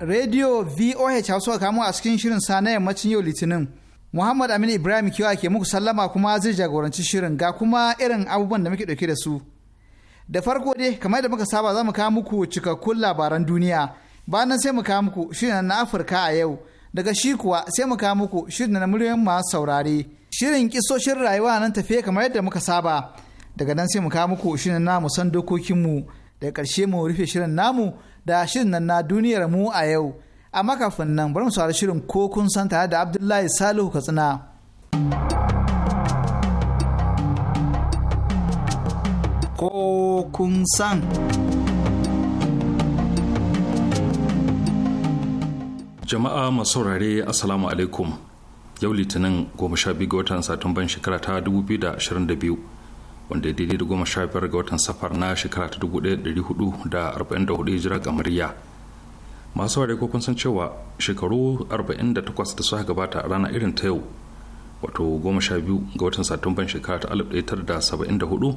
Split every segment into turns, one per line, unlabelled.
Radio VOH Hausa kamo a cikin shirin sa na yammacin yau Litinin. Muhammad Aminu Ibrahim Kiyawa ke muku sallama kuma zai jagoranci shirin ga kuma irin abubuwan da muke ɗauke da su. Da farko dai kamar da muka saba za mu kawo muku cikakkun labaran duniya. Bayan sai mu kawo muku shirin na Afirka a yau. Daga shi kuwa sai mu kawo muku shirin na muryoyin masu saurare. Shirin kisoshin rayuwa nan tafiye kamar yadda muka saba. Daga nan sai mu kawo muku shirin na musan dokokinmu. Daga ƙarshe mu rufe shirin namu da shirin nan na duniyar mu a yau a makafin nan bari mu saurari shirin ko kun san tare da abdullahi salihu katsina ko kun san
jama'a masu saurare asalamu alaikum yau litinin 12 ga watan satumban shekara ta 2022 wanda ya daidai da goma sha biyar ga watan safar na shekara ta dubu ɗaya ɗari hudu da arba'in da hudu hijira kamariya masu ware ko kun san cewa shekaru arba'in da takwas da suka gabata a rana irin ta yau wato goma sha biyu ga watan satumban shekara ta alif ɗaya tara da saba'in da hudu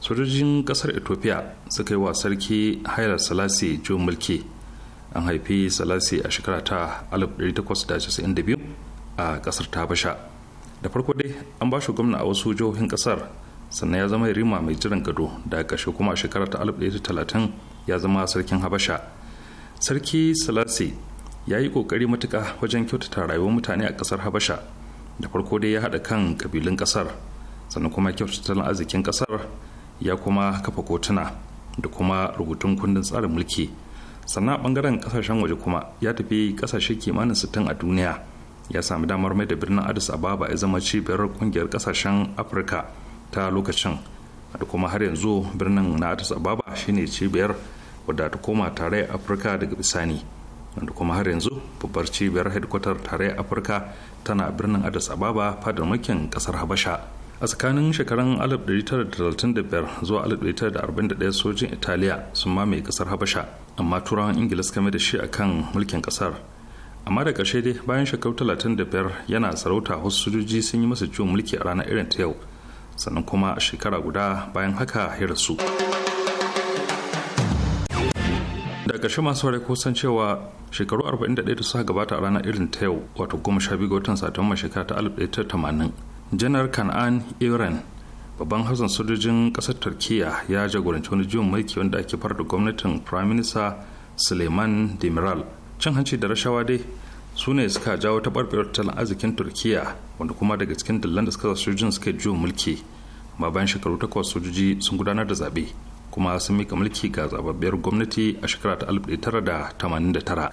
sojojin kasar ethiopia suka yi wa sarki haila salasi juyin mulki an haifi salasi a shekara ta alif takwas da da casa'in biyu a kasar habasha da farko dai an ba shi gwamna a wasu jihohin kasar sannan ya zama yarima mai jiran gado da kashe kuma a shekarar ta talatin ya zama sarkin habasha sarki salasi ya yi ƙoƙari matuka wajen kyautata rayuwar mutane a ƙasar habasha da farko dai ya haɗa kan ƙabilun ƙasar sannan kuma kyautata arzikin ƙasar ya kuma kafa kotuna da kuma rubutun kundin tsarin mulki sannan a ɓangaren ƙasashen waje kuma ya tafi ƙasashe kimanin sittin a duniya ya sami damar mai da birnin addis ababa ya zama cibiyar kungiyar ƙasashen afirka ta lokacin da kuma har yanzu birnin na addis ababa shine cibiyar wadda ta koma tare afirka daga bisani wanda kuma har yanzu babbar cibiyar hedkwatar tare afirka tana birnin addis ababa fadar mulkin kasar habasha a tsakanin shekarun 1935 zuwa 1941 sojin italiya sun mamaye kasar habasha amma turawan ingila suka da shi a kan mulkin kasar amma da karshe dai bayan shekaru 35 yana sarauta wasu sojoji sun yi masa ciwon mulki a ranar irin ta yau sannan kuma a shekara guda bayan haka ya rasu daga ƙarshe masu ware san cewa shekaru 41 da suka gabata a ranar irin ta yau wato goma sha biyu ga watan satumba shekara ta 1980 janar kan'an iran babban hausan sojojin ƙasar turkiya ya jagoranci wani jiwon mulki wanda ake fara da gwamnatin prime minister suleiman demiral cin hanci da rashawa dai su ne suka jawo taɓarɓarar tattalin arzikin turkiya wanda kuma daga cikin dillan da suka sojojin suka juyo mulki amma bayan shekaru takwas sojoji sun gudanar da zaɓe kuma sun mika mulki ga zababbiyar gwamnati a shekara ta da tara.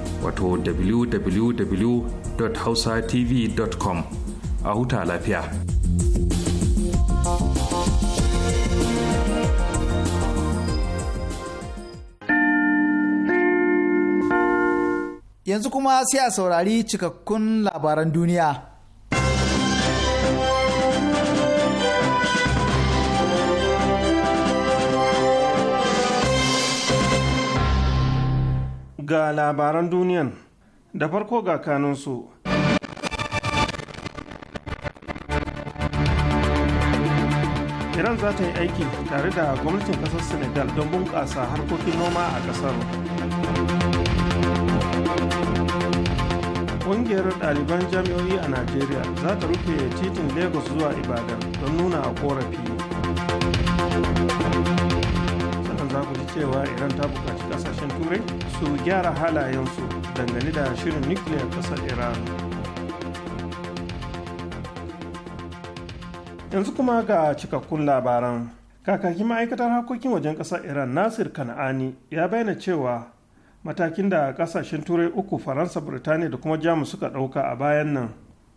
wato www.hausatv.com a huta lafiya.
Yanzu kuma sai a saurari cikakkun labaran duniya.
ga labaran duniyan da farko ga kanunsu. Iran za ta yi aiki tare da gwamnatin ƙasar Senegal don bunƙasa harkokin noma a ƙasar. Ƙungiyar ɗaliban jami'o'i a Najeriya za ta rufe titin Lagos zuwa Ibadan don nuna a ƙorafi. cewa iran ta buƙaci ƙasashen turai su gyara halayensu dangane da shirin nukiliyar ƙasar iran yanzu kuma ga cikakkun labaran kakakin ma'aikatar harkokin wajen ƙasar iran nasir kan'ani ya bayyana cewa matakin da ƙasashen turai uku faransa burtaniya da kuma jamus suka ɗauka a bayan nan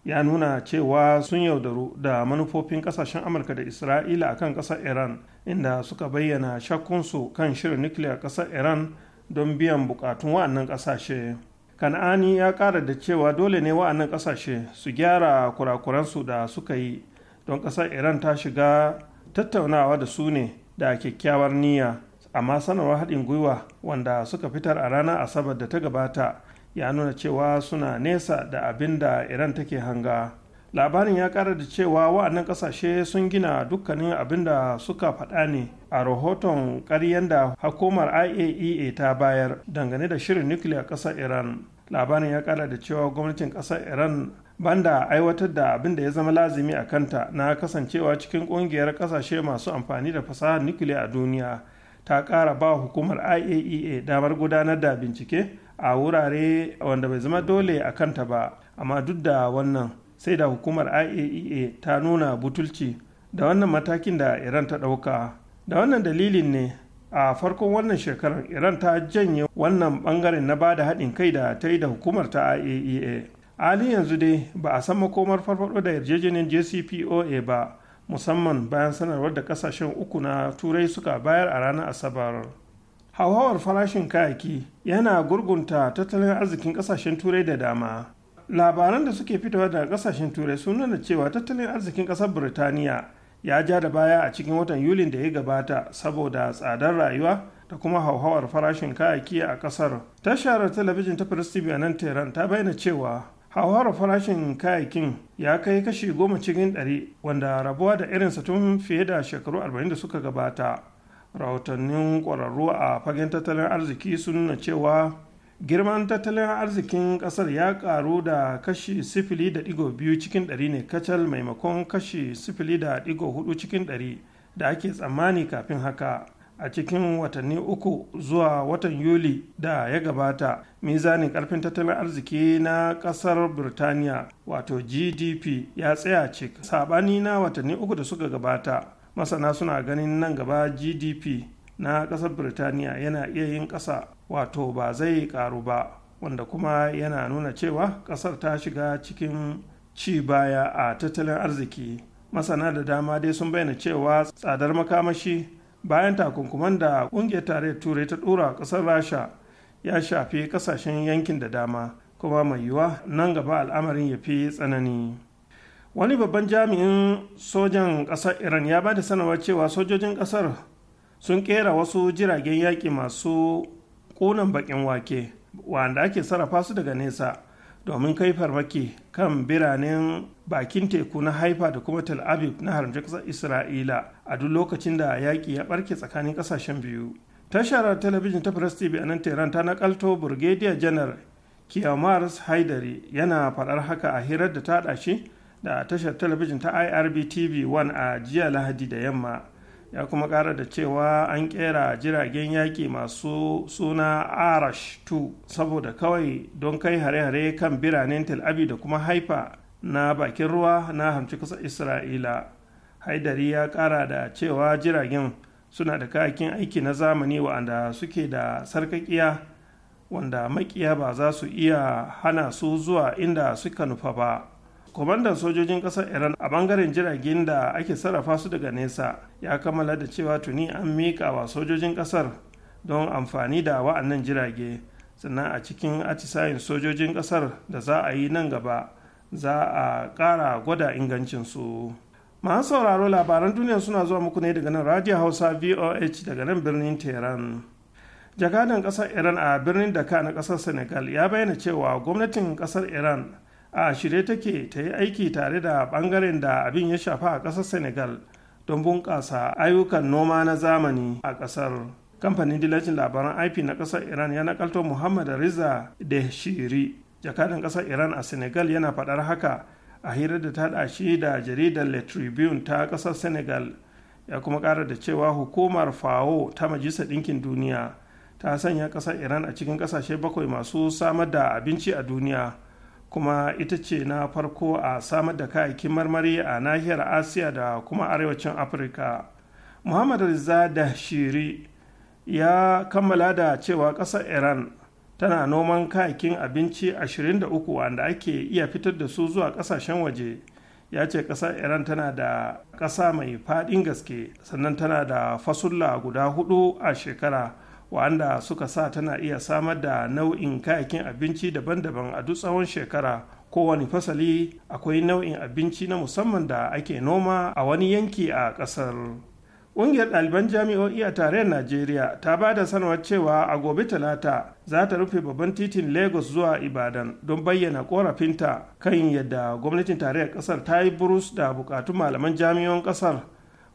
ya nuna cewa sun yaudaru da manufofin kasashen amurka da isra'ila akan kasar iran inda suka bayyana shakkunsu kan shirin nukiliyar kasar iran don biyan bukatun wa'annan kasashe kan'ani ya kara da cewa dole ne wa'annan kasashe su gyara kurakuransu da suka yi don kasar iran ta shiga tattaunawa da su ne da kyakkyawar niyya amma sanarwar haɗin gwiwa wanda suka fitar a ranar asabar da ta gabata ya nuna cewa suna nesa da abin da iran take hanga labarin ya kara da cewa wa'annan kasashe sun gina dukkanin abin da suka faɗa ne a rahoton ƙaryen da hukumar iaea e ta bayar dangane da shirin nukiliya ƙasar iran labarin ya kara da cewa gwamnatin ƙasar iran banda aiwatar da abin da ya zama lazimi a kanta na kasancewa cikin ƙungiyar ƙasashe masu amfani da fasahar nukiliya a duniya ta ƙara ba hukumar iaea e damar gudanar da bincike a wurare wanda bai zama dole a kanta ba amma duk da wannan sai da hukumar iaea e ta nuna butulci da wannan matakin da iran ta ɗauka da wannan dalilin ne a farkon wannan shekarar iran ta janye wannan bangaren na bada haɗin kai da ta yi da hukumar ta iaea e halin yanzu dai ba a san makomar farfaɗo da yarjejeniyar jcpoa ba musamman bayan sanarwar da ƙasashen uku na turai suka bayar a ranar asabar hauhawar farashin kayaki yana gurgunta tattalin arzikin kasashen turai da dama labaran da suke fitowa daga kasashen turai sun nuna cewa tattalin arzikin kasar birtaniya ya ja da baya a cikin watan yulin da ya gabata saboda tsadar rayuwa da kuma hauhawar farashin kayaki a kasar tashar talabijin ta firistibi a nan tehran ta bayyana cewa hauhawar farashin kayakin ya kai kashi goma cikin ɗari wanda rabuwa da irinsa tun fiye da shekaru arba'in da suka gabata rahotannin ƙwararru a fagen tattalin arziki sun nuna cewa girman tattalin arzikin ƙasar ya ƙaru da kashi sifili da digo biyu cikin dari ne kacal maimakon kashi sifili da digo hudu cikin dari da ake tsammani kafin haka a cikin watanni uku zuwa watan yuli da ya gabata mizanin karfin tattalin arziki na kasar birtaniya wato gdp ya tsaya cik sabani na watanni uku da suka gabata masana suna ganin nan gaba gdp na kasar birtaniya yana iya yin ƙasa wato ba zai ƙaru ba wanda kuma yana nuna cewa ƙasar ta shiga cikin ci baya a tattalin arziki masana da dama dai sun bayyana cewa tsadar makamashi bayan takunkuman da ƙungiyar tare turai ta ɗora ƙasar rasha ya shafi ƙasashen yankin da dama kuma mai yiwuwa nan gaba al'amarin ya fi tsanani wani babban jami'in sojan ƙasar iran ya ba da sanarwa cewa sojojin ƙasar sun kera wasu jiragen yaƙi masu ƙunan baƙin wake wanda ake sarrafa su daga nesa domin kai farmaki kan biranen bakin teku na haifa da kuma tel aviv na harin ƙasar isra'ila a duk lokacin da yaƙi ya ɓarke tsakanin ƙasashen biyu tashar talabijin ta press tv a nan tehran ta nakalto burgediya janar kiamars haidari yana faɗar haka a hirar da ta shi da tashar talabijin ta irb TV 1 a jiya lahadi da yamma ya kuma kara da cewa an kera jiragen yaƙi masu suna arash 2 saboda kawai don kai hare-hare kan biranen tel aviv da kuma haifa na bakin ruwa na hamci kusa isra'ila haidari ya kara da cewa jiragen suna da kayakin aiki na zamani wa'anda suke da sarkakiya wanda makiya ba za su iya hana su zuwa inda suka nufa ba kwamandan sojojin ƙasar iran a bangaren jiragen da ake sarrafa su daga nesa ya kammala da cewa tuni an miƙa wa sojojin ƙasar don amfani da wa'annan jirage sannan a cikin atisayin sojojin ƙasar da za a yi nan gaba za a ƙara gwada ingancinsu masu sauraro labaran duniya suna zuwa muku ne daga nan radio hausa voh daga nan birnin tehran jakadan ƙasar iran a birnin daka na ƙasar senegal ya bayyana cewa gwamnatin ƙasar iran a shirye take ta yi aiki tare da ɓangaren da abin ya shafa a ƙasar senegal don bunƙasa ayyukan noma na zamani a ƙasar kamfanin dillacin labaran ip na ƙasar iran ya nakalto muhammad riza da shiri jakadan ƙasar iran a senegal yana faɗar haka a hirar da ta ɗashi da jaridar le tribune ta ƙasar senegal ya kuma ƙara da cewa hukumar fao ta majalisar ɗinkin duniya ta sanya ƙasar iran a cikin ƙasashe bakwai masu samar da abinci a duniya kuma ita ce na farko a samar da kayayyakin marmari a nahiyar asiya da kuma arewacin afirka muhammad riza da shiri ya kammala da cewa ƙasar iran tana noman kayayyakin abinci 23 wanda ake iya fitar da su zuwa ƙasashen waje ya ce ƙasar iran tana da ƙasa mai faɗin gaske sannan tana da fasulla guda hudu a shekara wanda suka sa tana iya samar da nau'in kayakin abinci daban-daban a duk tsawon shekara ko kowane fasali akwai nau'in abinci na musamman da ake noma a wani yanki a ƙasar ƙungiyar ɗaliban jami'o'i a tarayyar najeriya ta ba da sanarwar cewa a gobe talata za ta rufe babban titin lagos zuwa ibadan don bayyana korafinta kan yadda gwamnatin tarayyar ƙasar ta yi burus da bukatun malaman jami'on ƙasar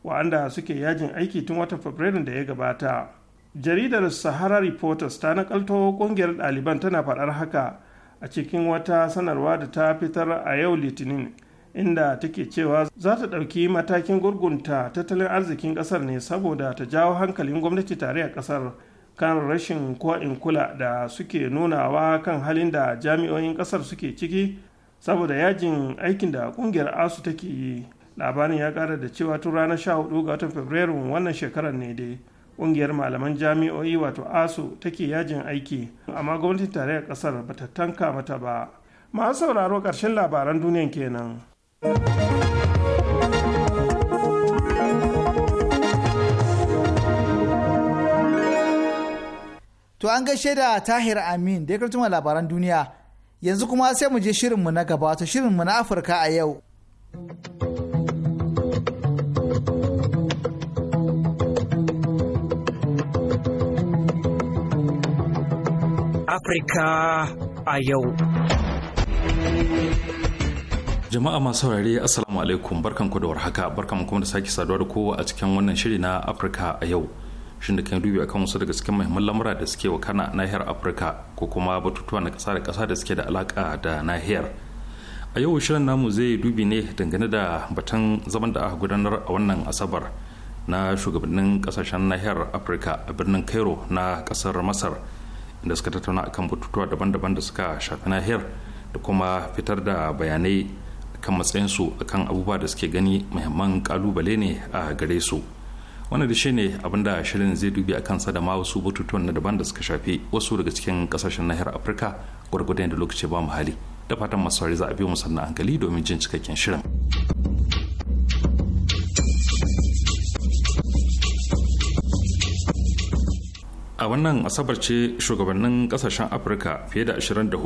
wa'anda suke yajin aiki tun watan fabrairun da ya gabata jaridar sahara reporters ta nakalto kungiyar ɗaliban tana faɗar haka a cikin wata sanarwa da ta fitar a yau litinin inda take cewa za ta ɗauki matakin gurgunta tattalin arzikin ƙasar ne saboda ta jawo hankalin gwamnati tare a ƙasar kan rashin ko'in kula da suke nunawa kan halin da jami'oyin ƙasar suke ciki saboda yajin aikin da ƙungiyar asu take yi labarin ya ƙara da cewa tun ranar 14 ga watan fabrairun wannan shekarar ne dai ƙungiyar malaman jami'o'i wato asu take yajin aiki amma gwamnatin tarayyar ƙasar ba ta tanka mata ba masu sauraro karshen labaran duniyan kenan.
To an gaishe da Tahir Amin da ya labaran duniya. Yanzu kuma sai mu je shirinmu na gaba, to shirinmu na Afirka a yau.
Afirka a yau.
Jama'a masu saurare Assalamu alaikum barkanku da warhaka barkan kuma da sake saduwa da kowa a cikin wannan shiri na Afirka a yau. Shin da kan dubi akan wasu daga cikin muhimman lamura da suke wakana nahiyar Afirka ko kuma batutuwa na ƙasa da ƙasa da suke da alaka da nahiyar. A yau shirin namu zai dubi ne dangane da batun zaman da aka gudanar a wannan Asabar na shugabannin ƙasashen nahiyar Afirka a birnin Cairo na ƙasar Masar. da suka tattauna akan batutuwa daban-daban da suka shafi nahiyar da kuma fitar da bayanai kan matsayinsu akan abubuwa da suke gani muhimman kalubale ne a gare su wannan da shi ne da shirin zai dubi a kansa da ma wasu batutuwan na daban da suka shafi wasu daga cikin kasashen nahiyar afirka gwargwadon da lokaci ba mu hali da fatan masu za a biyo mu sannan hankali domin jin cikakken shirin. a wannan asabar ce shugabannin kasashen afirka fiye da 24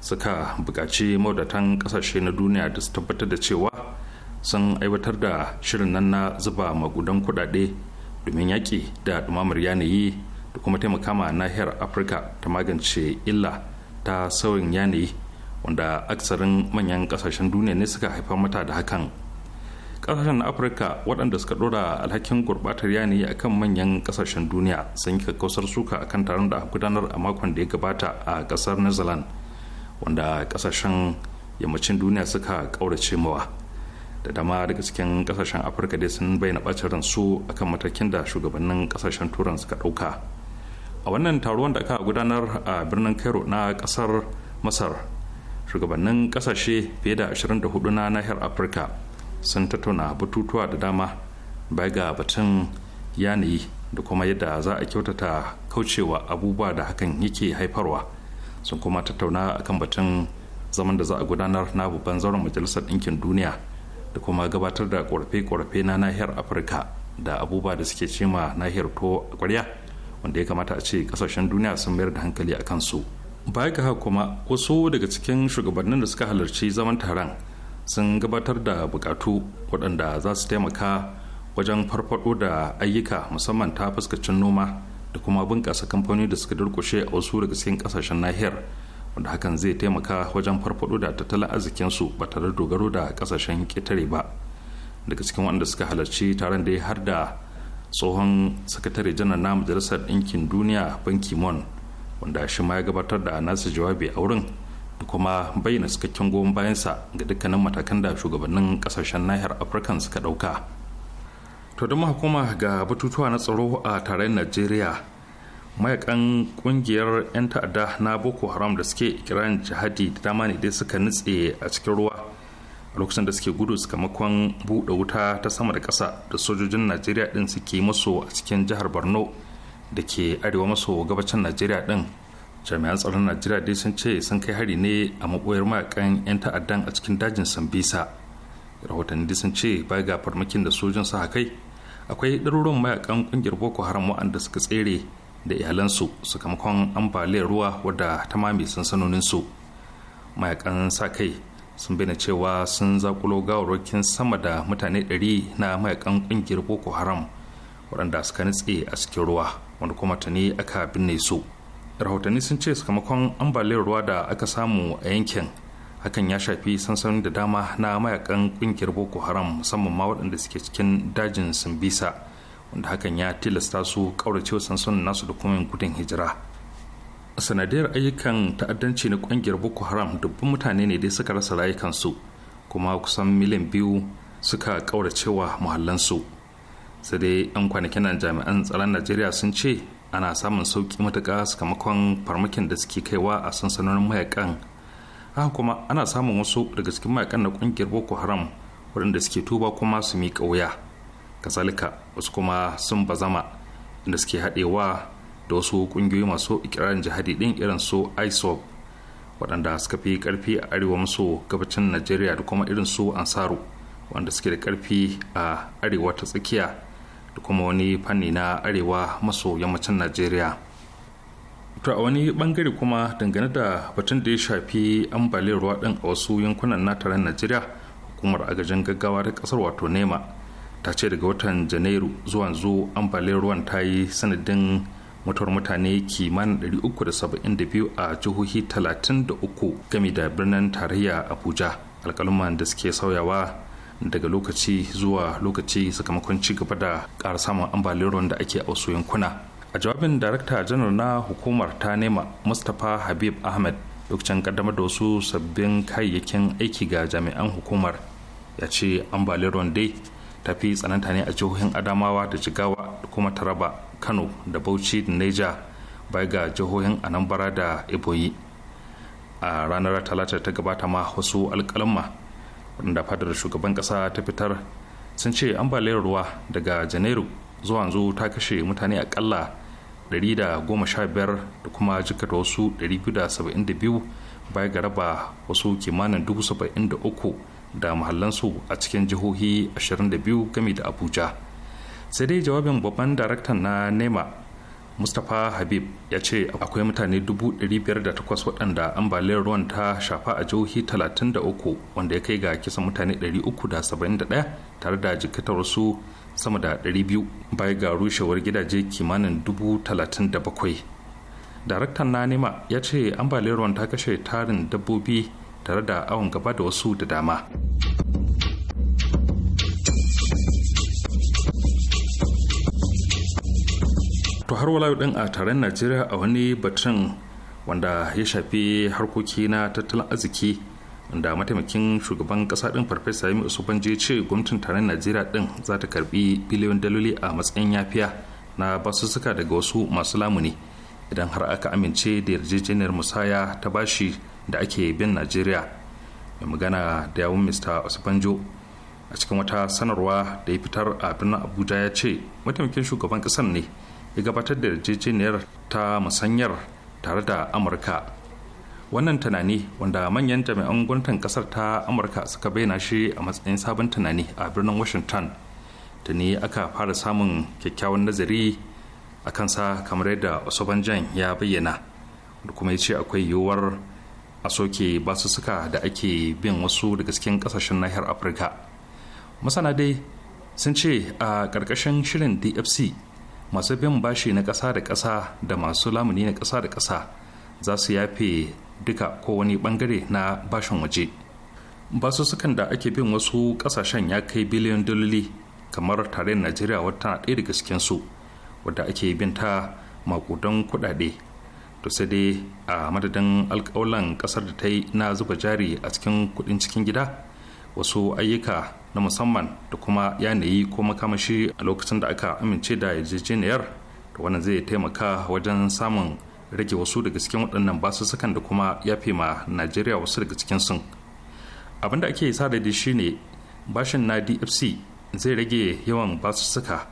suka bukaci maudatan kasashe na duniya da su tabbatar da cewa sun aiwatar da shirin nan na zuba magudan kudade domin yaƙi da dumamar yanayi da kuma taimakama nahiyar afirka ta magance illa ta sauyin yanayi wanda aksarin manyan kasashen duniya ne suka haifar mata da hakan kasashen na afirka waɗanda suka ɗora alhakin gurɓatar yanayi a kan manyan ƙasashen duniya sun yi kakkausar suka a kan taron da aka gudanar a makon da ya gabata a ƙasar new zealand wanda ƙasashen yammacin duniya suka ƙaurace mawa da dama daga cikin ƙasashen afirka dai sun bayyana ɓacin ransu akan matakin da shugabannin ƙasashen turan suka ɗauka a wannan taro da aka gudanar a birnin cairo na ƙasar masar shugabannin ƙasashe fiye da 24 na nahiyar afirka sun tattauna batutuwa da dama bai ga batun yanayi da kuma yadda za a kyautata kaucewa abubuwa da hakan yake haifarwa sun kuma tattauna akan batun zaman da za a gudanar na babban zauren majalisar ɗinkin duniya da kuma gabatar da ƙorafe-ƙorafe na nahiyar afirka da abubuwa da suke cema nahiyar to ƙwarya wanda ya kamata a ce kasashen duniya sun mayar da hankali a kansu baya ga haka kuma wasu daga cikin shugabannin da suka halarci zaman taron sun gabatar da bukatu waɗanda za su taimaka wajen farfaɗo da ayyuka musamman ta fuskacin noma da kuma bunƙasa kamfani da suka durkushe a wasu daga cikin ƙasashen nahiyar wanda hakan zai taimaka wajen farfaɗo da tattalin arzikinsu ba tare da dogaro da ƙasashen ƙetare ba daga cikin waɗanda suka halarci taron da ya har da tsohon sakatare janar na majalisar ɗinkin duniya ban kimon wanda shi ma ya gabatar da nasa jawabi a wurin kuma bayyana cikakken goyon bayansa ga dukkanin matakan da shugabannin kasashen nahiyar afirka suka dauka to don hukuma ga batutuwa na tsaro a tarayyar najeriya mayakan kungiyar 'yan ta'adda na boko haram da suke kiran jihadi da dama ne dai suka nutse a cikin ruwa a lokacin da suke gudu sakamakon buɗe wuta ta sama da ƙasa da sojojin najeriya ɗin suke maso a cikin jihar borno da ke arewa maso gabacin najeriya ɗin jami'an tsaron najeriya dai sun ce sun kai hari ne a maboyar mayakan 'yan ta'addan a cikin dajin sambisa rahotanni dai sun ce baya ga farmakin da sojin sa kai akwai ɗaruruwan mayakan kungiyar boko haram waɗanda suka tsere da iyalansu sakamakon ambaliyar ruwa wadda ta mame su mayakan sa kai sun bayyana cewa sun zakulo gawarwakin sama da mutane 100 na mayakan kungiyar boko haram waɗanda suka nutse a cikin ruwa wanda kuma tuni aka binne su rahotanni sun ce sakamakon ambaliyar ruwa da aka samu a yankin hakan ya shafi sansanoni da dama na mayakan kungiyar boko haram musamman ma waɗanda suke cikin dajin simbisa wanda hakan ya tilasta su kauracewa sansanin nasu da kuma gudun hijira sanadiyar ayyukan ta'addanci na kungiyar boko haram dubban mutane ne dai suka rasa rayukansu kuma kusan miliyan biyu suka kauracewa muhallansu sai dai 'yan kwanakin jami'an tsaron najeriya sun ce ana samun sauki matuƙa sakamakon farmakin da suke kaiwa a sansanonin mayakan haka kuma ana samun wasu daga cikin mayakan na ƙungiyar boko haram waɗanda suke tuba kuma su miƙa wuya kasalika wasu kuma sun bazama inda suke haɗewa da wasu ƙungiyoyi masu ikirarin jihadi ɗin irin su isop waɗanda suka fi ƙarfi a arewa maso gabacin najeriya da kuma irin su ansaru wanda suke da ƙarfi a arewa ta tsakiya da kuma wani fanni na arewa maso yammacin najeriya to a wani bangare kuma dangane da batun da ya shafi ambaliyar ruwa din a wasu yankunan na taron najeriya hukumar agajin gaggawa ta kasar wato nema ta ce daga watan janairu zuwa zu ambaliyar ruwan ta yi sanadin mutuwar mutane kimanin 372 a jihohi 33 gami da birnin tarayya abuja alkaluman da suke sauyawa daga lokaci zuwa lokaci sakamakon ci gaba da ƙara samun ambaliyar ruwan da ake a wasu yankuna a jawabin darakta janar na hukumar ta nema mustapha habib ahmed lokacin kaddamar da wasu sabbin kayayyakin aiki ga jami'an hukumar ya ce ambaliyar ruwan dai ta fi tsananta ne a jihohin adamawa da jigawa da kuma taraba kano da bauchi da neja bai ga jihohin anambra da iboyi a ranar talata ta gabata ma wasu alkalamma. wadanda fadar shugaban kasa ta fitar sun ce ambaliyar ruwa daga janairu zuwa yanzu ta kashe mutane akalla 115 da kuma jikata wasu 272 baya ga raba wasu kimanin 73 da mahallansu a cikin jihohi 22 game da abuja sai dai jawabin babban daraktan na nema mustapha habib ya ce akwai mutane 508 waɗanda ambaliyar ruwan ta shafa a jihohi 33 wanda ya kai ga kisan mutane 371 tare da su sama da 200 baya ga rushewar gidaje kimanin 37,000 daraktan na nema ya ce ambaliyar ruwan ta kashe tarin dabbobi tare da awon gaba da wasu da dama. to har wala din a taron najeriya a wani batun wanda ya shafi harkoki na tattalin arziki wanda mataimakin shugaban kasa din farfesa yami usubanji ce gwamnatin taron najeriya din za ta karbi biliyon daloli a matsayin yafiya na basussuka daga wasu masu lamuni idan har aka amince da yarjejeniyar musaya ta bashi da ake bin najeriya mai magana da yawun mr usubanjo a cikin wata sanarwa da ya fitar a birnin abuja ya ce mataimakin shugaban kasar ne ya gabatar da yarjejeniyar ta musanyar tare da amurka wannan tunani wanda manyan jami'an gwamnatin kasar ta amurka suka bayyana shi a matsayin sabon tunani a birnin washington tuni aka fara samun kyakkyawan nazari a kansa kamar yadda osobanjan ya bayyana da kuma ya ce akwai yiwuwar a soke basussuka da ake bin wasu daga cikin kasashen nahiyar afirka masana dai sun ce a ƙarƙashin shirin dfc masu bin bashi na ƙasa da ƙasa da masu lamuni na ƙasa da ƙasa za su yafe duka kowane bangare na bashin waje sukan da ake bin wasu ƙasashen ya kai biliyan dalili kamar tarayyar najeriya wata ɗaya daga su wadda ake bin ta makudan kuɗaɗe to sai dai a madadin alƙawalan ƙasar da ta yi na zuba jari a cikin kuɗin cikin gida wasu ayyuka na musamman da kuma yanayi ko makamashi a lokacin da aka amince da yarjejeniyar da wannan zai taimaka wajen samun rage wasu daga cikin waɗannan basussukan da kuma yafe ma najeriya wasu daga cikin sun abin da ake sa da shi ne bashin na dfc zai rage yawan basussuka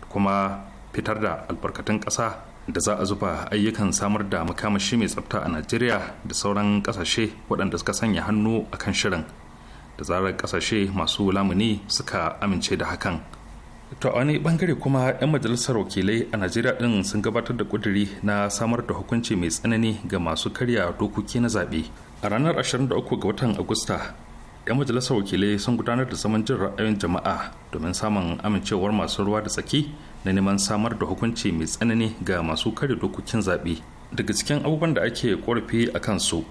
da kuma fitar da albarkatun ƙasa da za a zuba ayyukan samar da makamashi mai tsafta a najeriya da sauran ƙasashe waɗanda suka sanya hannu a kan shirin da zarar kasashe masu lamuni suka amince da hakan to a wani bangare kuma 'yan majalisar wakilai a najeriya din sun gabatar da kuduri na samar da hukunci mai tsanani ga masu karya dokoki na zaɓe a ranar 23 ga watan agusta 'yan majalisar wakilai sun gudanar da zaman jin ra'ayin jama'a domin samun amincewar masu ruwa da tsaki na neman samar da hukunci mai tsanani ga masu karya dokokin zaɓe daga cikin abubuwan da ake korafi a kansu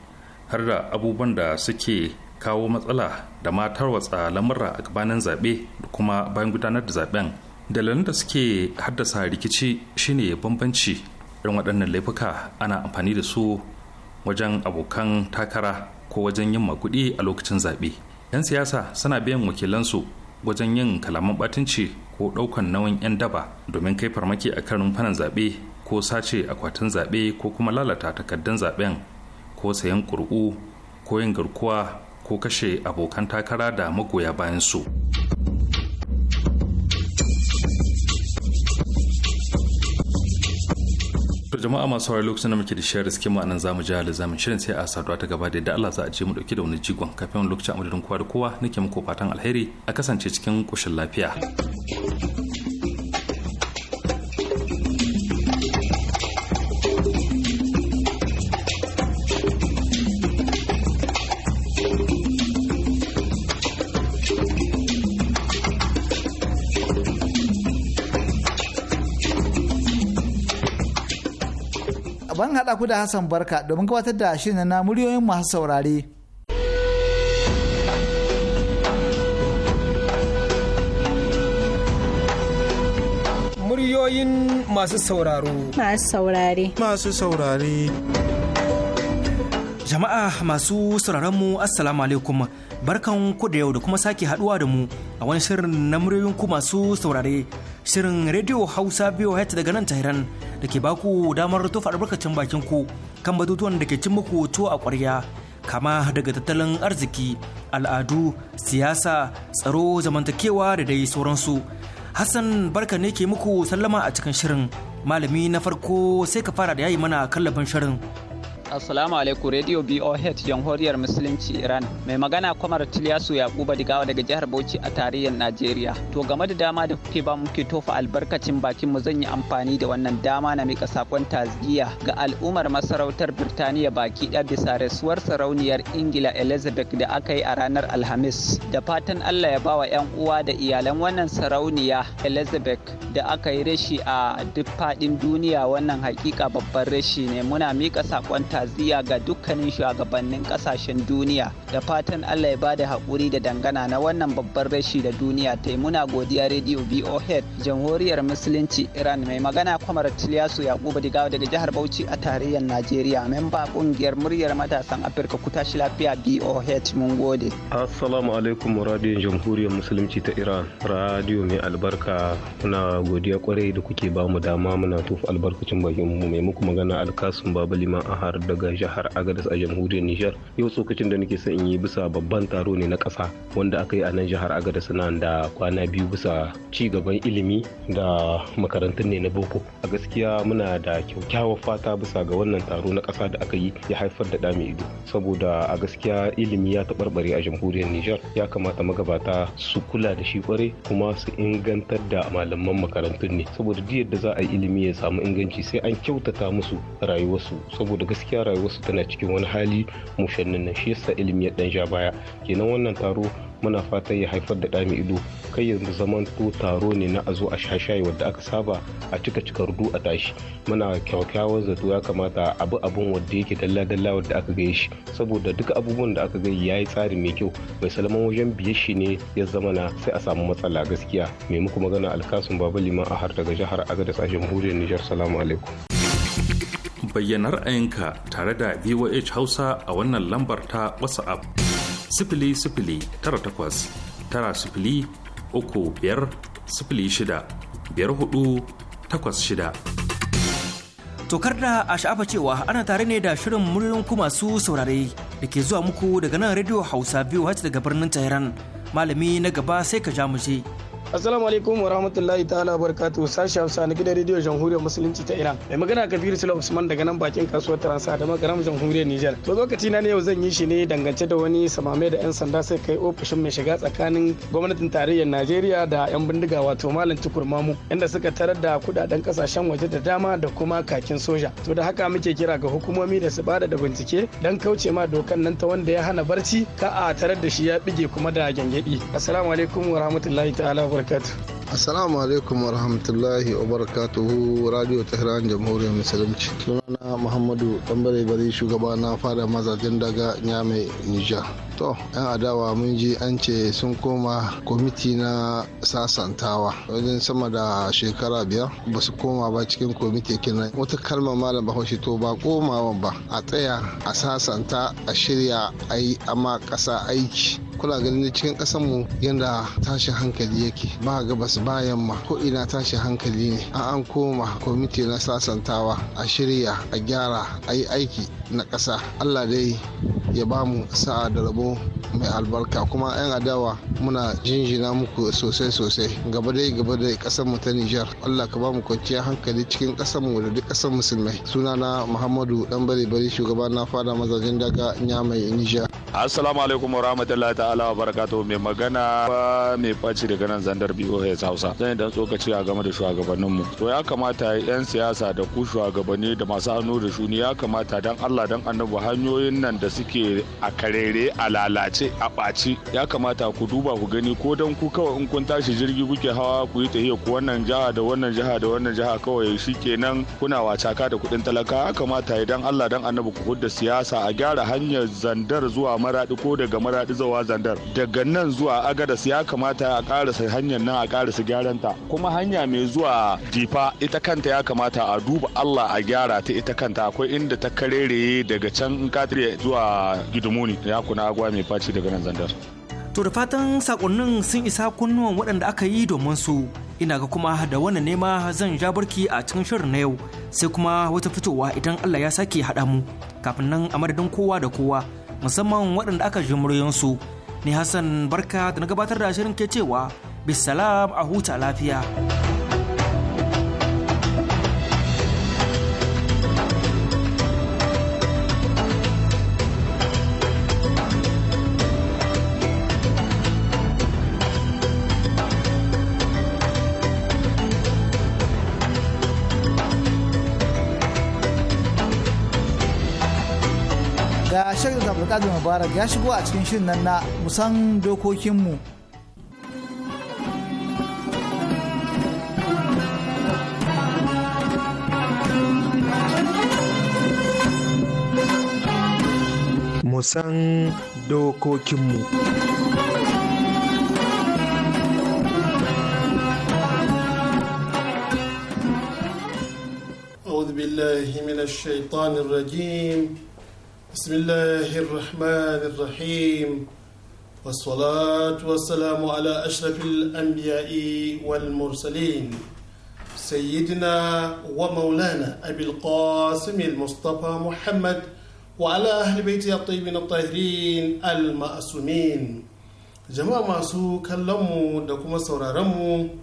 har da abubuwan da suke kawo matsala da matar watsa lamurra a gabanin zaɓe da kuma bayan gudanar da zaɓen dalilan da suke haddasa rikici shine bambanci irin waɗannan laifuka ana amfani da su wajen abokan takara ko wajen yin makudi a lokacin zaɓe 'yan siyasa suna biyan wakilansu wajen yin kalaman batunci ko ɗaukan nauyin 'yan daba domin kai farmaki a kan rumfanan zaɓe ko sace akwatin zaɓe ko kuma lalata takardun zaɓen ko sayan ƙuri'u ko yin garkuwa ko kashe abokan takara da magoya bayan su. To jama'a masu saurari lokacin da muke da da riske ma'anan zamu ji zamu shirin sai a saduwa ta gaba da yadda Allah za a je mu dauke da wani jigon kafin lokacin amadadin kowa da kowa nake muku fatan alheri a kasance cikin koshin lafiya.
haɗa ku da Hassan Barka domin gabatar da shirin na muryoyin masu saurare.
Muryoyin masu sauraro. Masu saurare. Masu saurare.
Jama'a masu sauraron mu Assalamu alaikum barkan ku da yau da kuma sake haɗuwa da mu a wani shirin na muryoyin ku masu saurare. shirin rediyo hausa biyu hata daga nan tahiran da ke baku damar tofa albarkacin bakin ku kan batutuwan da ke cin muku tuwo a ƙwarya kama daga tattalin arziki al'adu siyasa tsaro zamantakewa da dai sauransu hassan barka ne ke muku sallama a cikin shirin malami na farko sai ka fara da yayi mana kallafin shirin
Assalamu alaikum Radio BOH Jamhuriyar Musulunci Iran. Mai magana Kwamar Tiliyasu Yakuba Digawa daga jihar Bauchi a tarihin Najeriya. To game da dama da kuke ba muke tofa albarkacin bakin mu zan yi amfani da wannan dama na mika sakon tasgiya ga al'ummar masarautar Birtaniya baki ɗaya bisa rasuwar sarauniyar Ingila Elizabeth da aka yi a ranar Alhamis. Da fatan Allah ya ba wa 'yan uwa da iyalan wannan sarauniya Elizabeth da aka yi rashi a duk faɗin duniya wannan hakika babban rashi ne muna mika sakon tasgiya ta'aziyya ga dukkanin shugabannin kasashen duniya da fatan Allah ya ba da haƙuri da dangana na wannan babban rashi da duniya ta muna godiya rediyo VOH jamhuriyar musulunci Iran mai magana kwamar Tiliyasu Yakubu Digawa daga jihar Bauchi a tarayyar Najeriya memba kungiyar muryar matasan Afirka kutashi lafiya VOH mun gode.
Assalamu alaikum radiyon jamhuriyar musulunci ta Iran radiyo mai albarka muna godiya kwarai da kuke bamu dama muna tofa albarkacin bakin mu mai muku magana alkasun babalima a har daga jihar Agadez a jamhuriyar Nijar. Yau tsokacin da nake son in yi bisa babban taro ne na ƙasa wanda aka yi a nan jihar Agadez na da kwana biyu bisa ci gaban ilimi da makarantun ne na boko. A gaskiya muna da kyakkyawar fata bisa ga wannan taro na ƙasa da aka yi ya haifar da dami ido saboda a gaskiya ilimi ya taɓarɓare a jamhuriyar Nijar ya kamata magabata su kula da shi kwarai kuma su ingantar da malaman makarantun ne saboda duk yadda za a yi ilimi ya samu inganci sai an kyautata musu rayuwarsu saboda gaskiya rayuwarsu tana cikin wani hali mushannin nan shi yasa ilimi ya dan ja baya kenan wannan taro muna fatan ya haifar da ɗami ido kai yanzu zaman to taro ne na a zo a shashaye wadda aka saba a cika cikar du a tashi muna kyakkyawan zato ya kamata abu abun wadda yake dalla dalla wadda aka gaya shi saboda duk abubuwan da aka gaya ya yi tsari mai kyau bai salaman wajen biye shi ne ya zama na sai a samu matsala gaskiya mai muku magana alkasun baba liman a har daga jihar agadas a jamhuriyar nijar salamu alaikum
bayyana ra'ayinka tare da voh hausa a wannan lambar ta whatsapp sifili sifili tara takwas tara sifili uku biyar sifili shida biyar hudu takwas shida. Tokar da a sha'afa cewa ana
tare ne da shirin muryoyin kuma masu saurare da ke zuwa muku daga nan rediyo Hausa biyu hajji daga birnin Tehran. Malami na gaba sai ka ja mu je.
Assalamu alaikum wa rahmatullahi ta'ala barkatu sashi Hausa na gidan rediyo Jamhuriyar Musulunci ta Iran. Mai magana Kabiru Sula Usman daga nan bakin kasuwar Taransa da magaram Jamhuriyar Nijar. To lokaci na yau zan yi shi ne dangance da wani samame da 'yan sanda sai kai ofishin mai shiga tsakanin gwamnatin tarayyar Najeriya da 'yan bindiga wato Malam Tukur Mamu inda suka tarar da kudaden kasashen waje da dama da kuma kakin soja. To da haka muke kira ga hukumomi da su bada da bincike dan kauce ma dokan nan ta wanda ya hana barci ka a tarar da shi ya bige kuma da gyangyaɗi. Assalamu alaikum wa rahmatullahi
ta'ala barakatuh assalamu alaikum wa rahmatullahi wa barakatuhu radio tehran jamhuriyar musulunci sunana muhammadu ɗan bari shugaba na fara mazajen daga nyame Niger. to yan adawa mun ji an ce sun koma kwamiti na sasantawa wajen sama da shekara biyar ba su koma ba cikin kwamiti kenan wata kalmar malam bahaushe to ba komawan ba a tsaya a sasanta a shirya a yi amma ƙasa aiki Kula ganin cikin ƙasar mu yadda tashin hankali yake ba ga basu ba yamma ko ina tashin hankali ne A an koma kwamiti na sasantawa a shirya a gyara a yi aiki na ƙasa allah dai ya bamu sa'a da rabo mai albarka kuma 'yan adawa muna jinjina muku sosai sosai gaba dai gaba dai kasar mu ta Nijar Allah ka ba mu kwanciya hankali cikin kasar mu da duk kasar musulmai sunana Muhammadu dan bari bari shugaba na fada mazajin daga Nyamai Nijar
Assalamu alaikum warahmatullahi ta'ala wa barakatu mai magana mai faci daga nan zandar BOS Hausa zan dan tsokaci a game da shugabannin mu to ya kamata 'yan siyasa da ku shugabanni da masu hannu da shuni ya kamata dan Allah dan annabi hanyoyin nan da suke a karere ala lalace a ɓaci ya kamata ku duba ku gani ko don ku kawai in kun tashi jirgi kuke hawa ku yi tafiya ku wannan jiha da wannan jiha da wannan jiha kawai shikenan kuna wacaka da kuɗin talaka ya kamata idan Allah dan annabi ku hudda siyasa a gyara hanyar zandar zuwa maradi ko daga maradi zuwa zandar daga nan zuwa agadas ya kamata a karasa hanyar nan a karasa gyaran ta kuma hanya mai zuwa difa ita kanta ya kamata a duba Allah a gyara ta ita kanta akwai inda ta karere daga can in katire zuwa gidumuni ya kuna unguwa mai faci daga nan zandar.
To da fatan sakonnin sun isa kunnuwan waɗanda aka yi domin su ina ga kuma da wani nema zan ja barki a cikin shirin na yau sai kuma wata fitowa idan Allah ya sake haɗa mu kafin nan a madadin kowa da kowa musamman waɗanda aka ji muryansu ni Hassan barka da na gabatar da shirin ke cewa bisalam a huta lafiya.
Alƙadu Mubarak ya shigo a cikin shirin nan na musan dokokinmu.
Musan dokokinmu. أعوذ بالله من الشيطان الرجيم بسم الله الرحمن الرحيم والصلاة والسلام على أشرف الأنبياء والمرسلين سيدنا ومولانا أبي القاسم المصطفى محمد وعلى أهل بيته الطيبين الطاهرين المأسومين jama'a masu kallonmu da kuma sauraronmu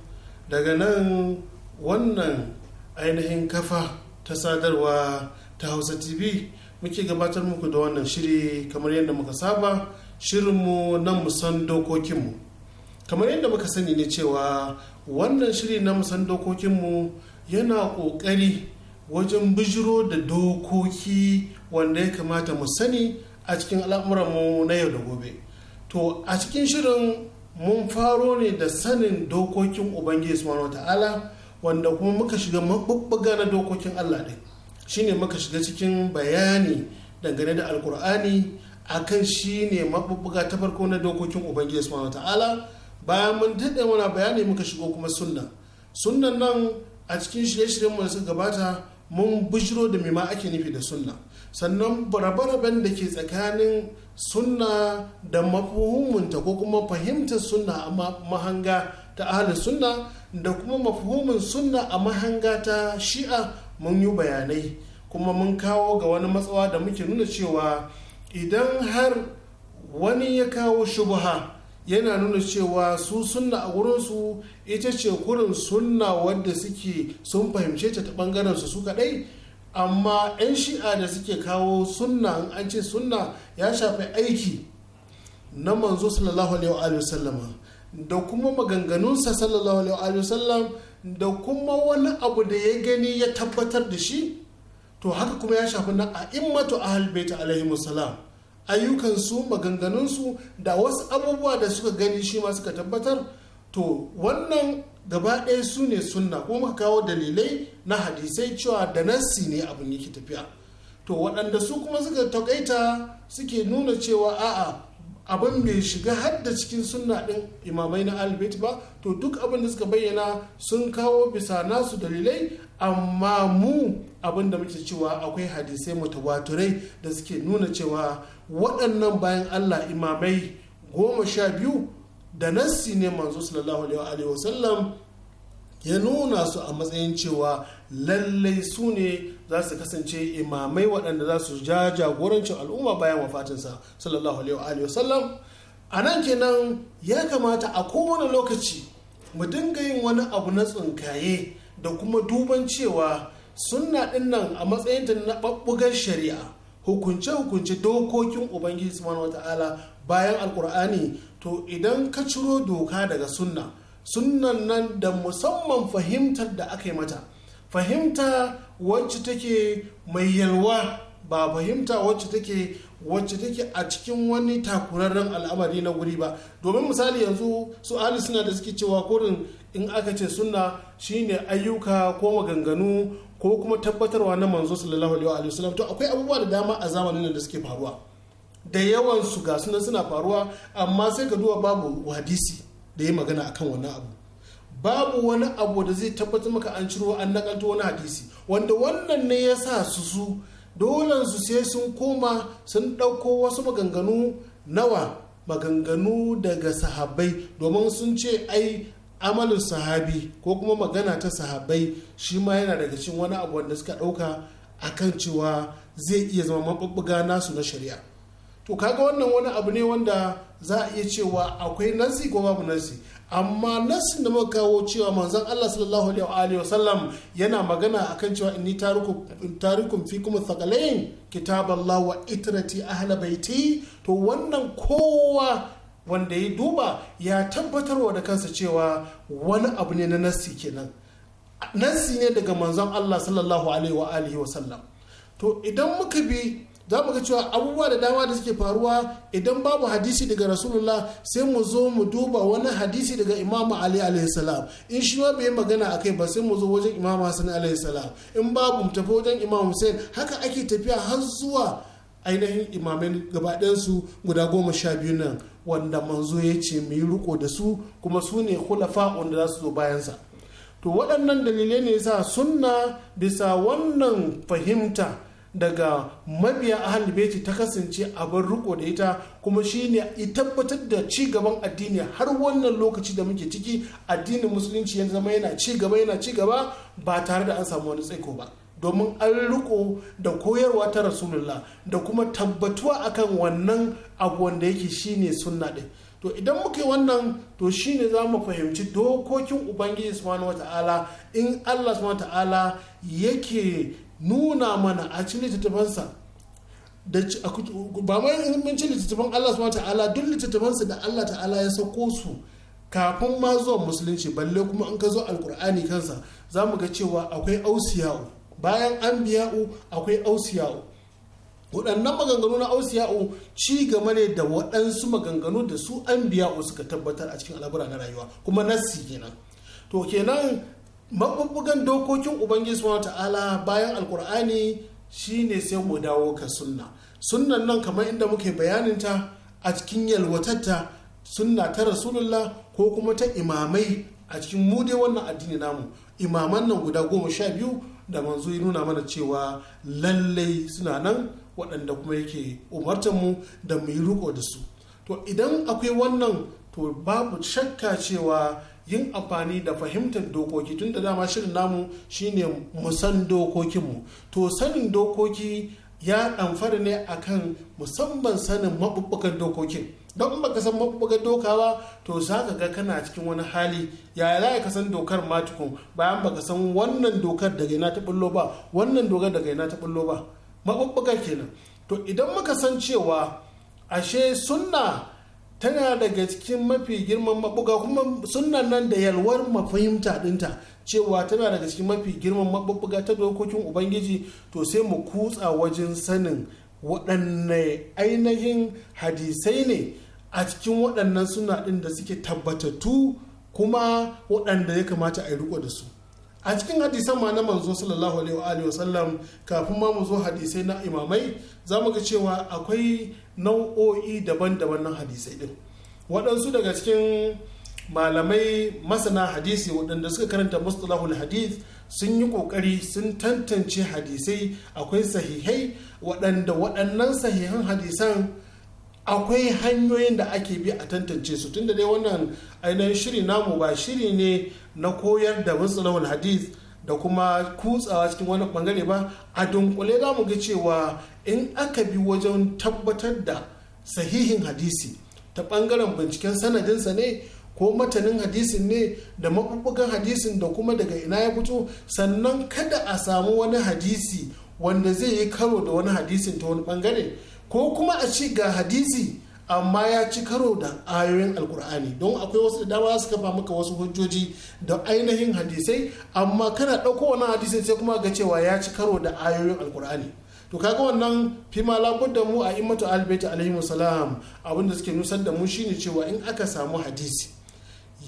daga nan wannan ainihin kafa ta sadarwa ta hausa tv muke gabatar muku da wannan shiri kamar yadda muka saba shirinmu na musan dokokinmu kamar yadda muka sani ne cewa wannan shiri na musan dokokinmu yana ƙoƙari wajen bijiro da dokoki wanda ya kamata mu sani a cikin al'amuranmu na yau da gobe to a cikin shirin mun faro ne da sanin dokokin ubangiji subhanahu ta'ala wanda kuma muka shiga mabubbuga na dokokin allah ɗin shine muka shiga cikin bayani dangane da alkur'ani akan shine mabubbuga ta farko na dokokin ubangiji subhanahu ta'ala bayan mun daɗe wana bayani muka shigo kuma sunna sunnan nan a cikin shirye-shiryen mu suka gabata mun bujiro da ma ake nufi da sunna sannan barabaraben da ke tsakanin sunna da mafuhumunta ko kuma fahimtar sunna a mahanga ta ahalin sunna da kuma mafuhumin sunna a mahanga ta shi'a mun yi bayanai kuma mun kawo ga wani matsawa da muke nuna cewa idan har wani ya kawo shubha yana nuna cewa su sunna a wurinsu ita ce kurin sunna wadda suke sun fahimce ta ta bangaren su su kadai amma 'yan shi'a da suke kawo sunna an ce sunna ya shafi aiki na manzo sallallahu alaihi wa sallama da kuma maganganunsa sallallahu alaihi wa sallam da kuma wani abu da ya gani ya tabbatar da shi to haka kuma ya shafi na a'immatu a baita alaihi salam ayyukansu maganganunsu da wasu abubuwa da suka gani shi ma suka tabbatar to wannan gaba ɗaya su ne sunna kuma muka kawo dalilai na hadisai cewa da nassi ne abin yake tafiya to waɗanda su kuma suka taƙaita suke nuna cewa a'a abin bai shiga hadda cikin sunna din imamai na albert ba to duk abin da suka bayyana sun kawo bisa nasu dalilai amma mu abin da muke cewa akwai hadisai mutawaturai da suke nuna cewa waɗannan bayan allah imamai goma sha biyu da nassi ne manzo sallallahu alaihi wasallam ya nuna su a matsayin cewa lallai su ne za su kasance imamai waɗanda za su ja jagorancin al'umma bayan wafatinsa sallallahu alaihi wa sallam a nan kenan ya kamata a kowane lokaci mu dinga yin wani abu na tsinkaye da kuma duban cewa sunna ɗin nan a matsayin ta na ɓaɓɓugar shari'a hukunce-hukunce dokokin ubangiji subhanahu wata'ala bayan alkur'ani to idan ka ciro doka daga sunna sunnan nan da musamman fahimtar da aka yi mata fahimta wacce take mai yalwa ba fahimta wacce take wacce take a cikin wani takurarren al'amari na wuri ba domin misali yanzu su ali suna da suke cewa kurin in aka ce suna shine ayyuka ko maganganu ko kuma tabbatarwa na manzo sallallahu alaihi wasallam to akwai abubuwa da dama a zamanin da suke faruwa da yawan su ga sunan suna faruwa amma sai ka duba babu hadisi da ya magana akan wannan abu babu wani abu da zai tabbatar maka an ciro an nakalto wani hadisi wanda wannan ne ya sa su su dole su sai sun koma sun ɗauko wasu maganganu nawa maganganu daga sahabbai domin sun ce ai amalin sahabi ko kuma magana ta sahabbai shi ma yana daga cin wani abu wanda suka ɗauka akan cewa zai iya zama maɓuɓɓuga nasu na shari'a to kaga wannan wani abu ne wanda za a iya cewa akwai nazi ko babu nazi? amma nasin da muka kawo cewa manzon Allah sallallahu alaihi sallam yana magana akan cewa inni tarikum fi kuma thaqalain kitaballah wa itrati ahla baiti to wannan kowa wanda ya duba ya tabbatarwa da kansa cewa wani abu ne na nasi kenan nasi ne daga manzon Allah sallallahu alaihi sallam to idan muka bi za mu ga cewa abubuwa da dama da suke faruwa idan babu hadisi daga rasulullah sai mu zo mu duba wani hadisi daga imamu ali alaihi salam in shi ma bai magana a kai ba sai mu zo wajen imamu hasan alaihi salam in babu mu tafi wajen imamu hussein haka ake tafiya har zuwa ainihin imamin gabaɗansu guda goma sha biyu nan wanda manzo ya ce mu yi riko da su kuma su ne kulafa wanda za su zo bayansa to waɗannan dalilai ne sa sunna bisa wannan fahimta daga mabiya ahal beti ta kasance abin riko da ita kuma shine a tabbatar da ci gaban addini har wannan lokaci da muke ciki addinin musulunci ya zama yana ci gaba yana ci gaba ba tare da an samu wani tsaiko ba domin an riko da koyarwa ta rasulullah da kuma tabbatuwa akan wannan abu wanda yake shine sunna ɗin to idan muka yi wannan to shi ne za mu fahimci dokokin ubangiji subhanahu wata'ala in allah subhanahu wata'ala yake nuna mana a cikin littattafansa da ba mai mun ci littattafan Allah subhanahu ta'ala duk littattafansa da Allah ta'ala ya sauko su kafin ma zuwa musulunci balle kuma an ka zo alkur'ani kansa za mu ga cewa akwai ausiya'u bayan an akwai ausiya'u waɗannan maganganu na ausiya'u ci gaba ne da waɗansu maganganu da su an biya'u suka tabbatar a cikin al'abura na rayuwa kuma nassi kenan to kenan mabubbugan dokokin ubangiji wa ta'ala bayan alkur'ani shine sai mu dawo ka sunna sunnan nan kamar inda muke ta a cikin yalwatatta sunna ta rasulullah ko kuma ta imamai a cikin mu dai wannan addini namu imaman nan guda goma sha biyu da manzo ya nuna mana cewa lallai suna nan waɗanda kuma yake umartar mu da mu yi riko da su to idan akwai wannan to babu shakka cewa yin amfani da fahimtar dokoki tun da dama shirin namu shine musan dokokinmu to sanin dokoki ya ɗamfara ne akan musamman sanin mabubbukan dokokin don baka san mabubbukan doka ba to za ka ga kana cikin wani hali yaya za ka san dokar ma bayan bayan baka san wannan dokar daga ina ta bullo ba wannan dokar daga ina ta bullo ba mabubbukan kenan to idan muka san cewa ashe sunna tana daga cikin mafi girman mabuga kuma sunan nan da yalwar mafahimta dinta cewa tana daga cikin mafi girman mabuga ta dokokin ubangiji to sai mu kutsa wajen sanin waɗanne ainihin hadisai ne a cikin waɗannan suna ɗin da suke tabbatattu kuma waɗanda ya kamata a yi riko da su a cikin hadisan ma na manzo sallallahu alaihi wa sallam kafin ma mu zo hadisai na imamai za mu ga cewa akwai nau'o'i daban-daban na hadisai din waɗansu daga cikin malamai masana hadisi waɗanda suka karanta mustalahul hadith sun yi ƙoƙari sun tantance hadisai akwai sahihai waɗanda waɗannan sahihan hadisan akwai hanyoyin da ake bi a tantance su tunda dai wannan ainihin shiri namu ba shiri ne na koyar da mustalahul hadith da kuma kutsawa cikin wani bangare ba a dunkule za mu ga cewa in aka bi wajen tabbatar da sahihin hadisi ta bangaren binciken sanadinsa ne ko matanin hadisin ne da maɓuɓɓugan hadisin da kuma daga ina ya fito sannan kada a samu wani hadisi wanda zai yi karo da wani hadisin ta wani bangare ko kuma a ci ga hadisi amma ya ci karo da ayoyin alkur'ani don akwai wasu da dama suka fa maka wasu hujjoji da ainihin hadisai amma kana ɗauko wani hadisai sai kuma ga cewa ya ci karo da ayoyin alkur'ani to kaga wannan fima ma da mu a immatu albayti alaihi salam abinda suke nusar da mu shine cewa in aka samu hadisi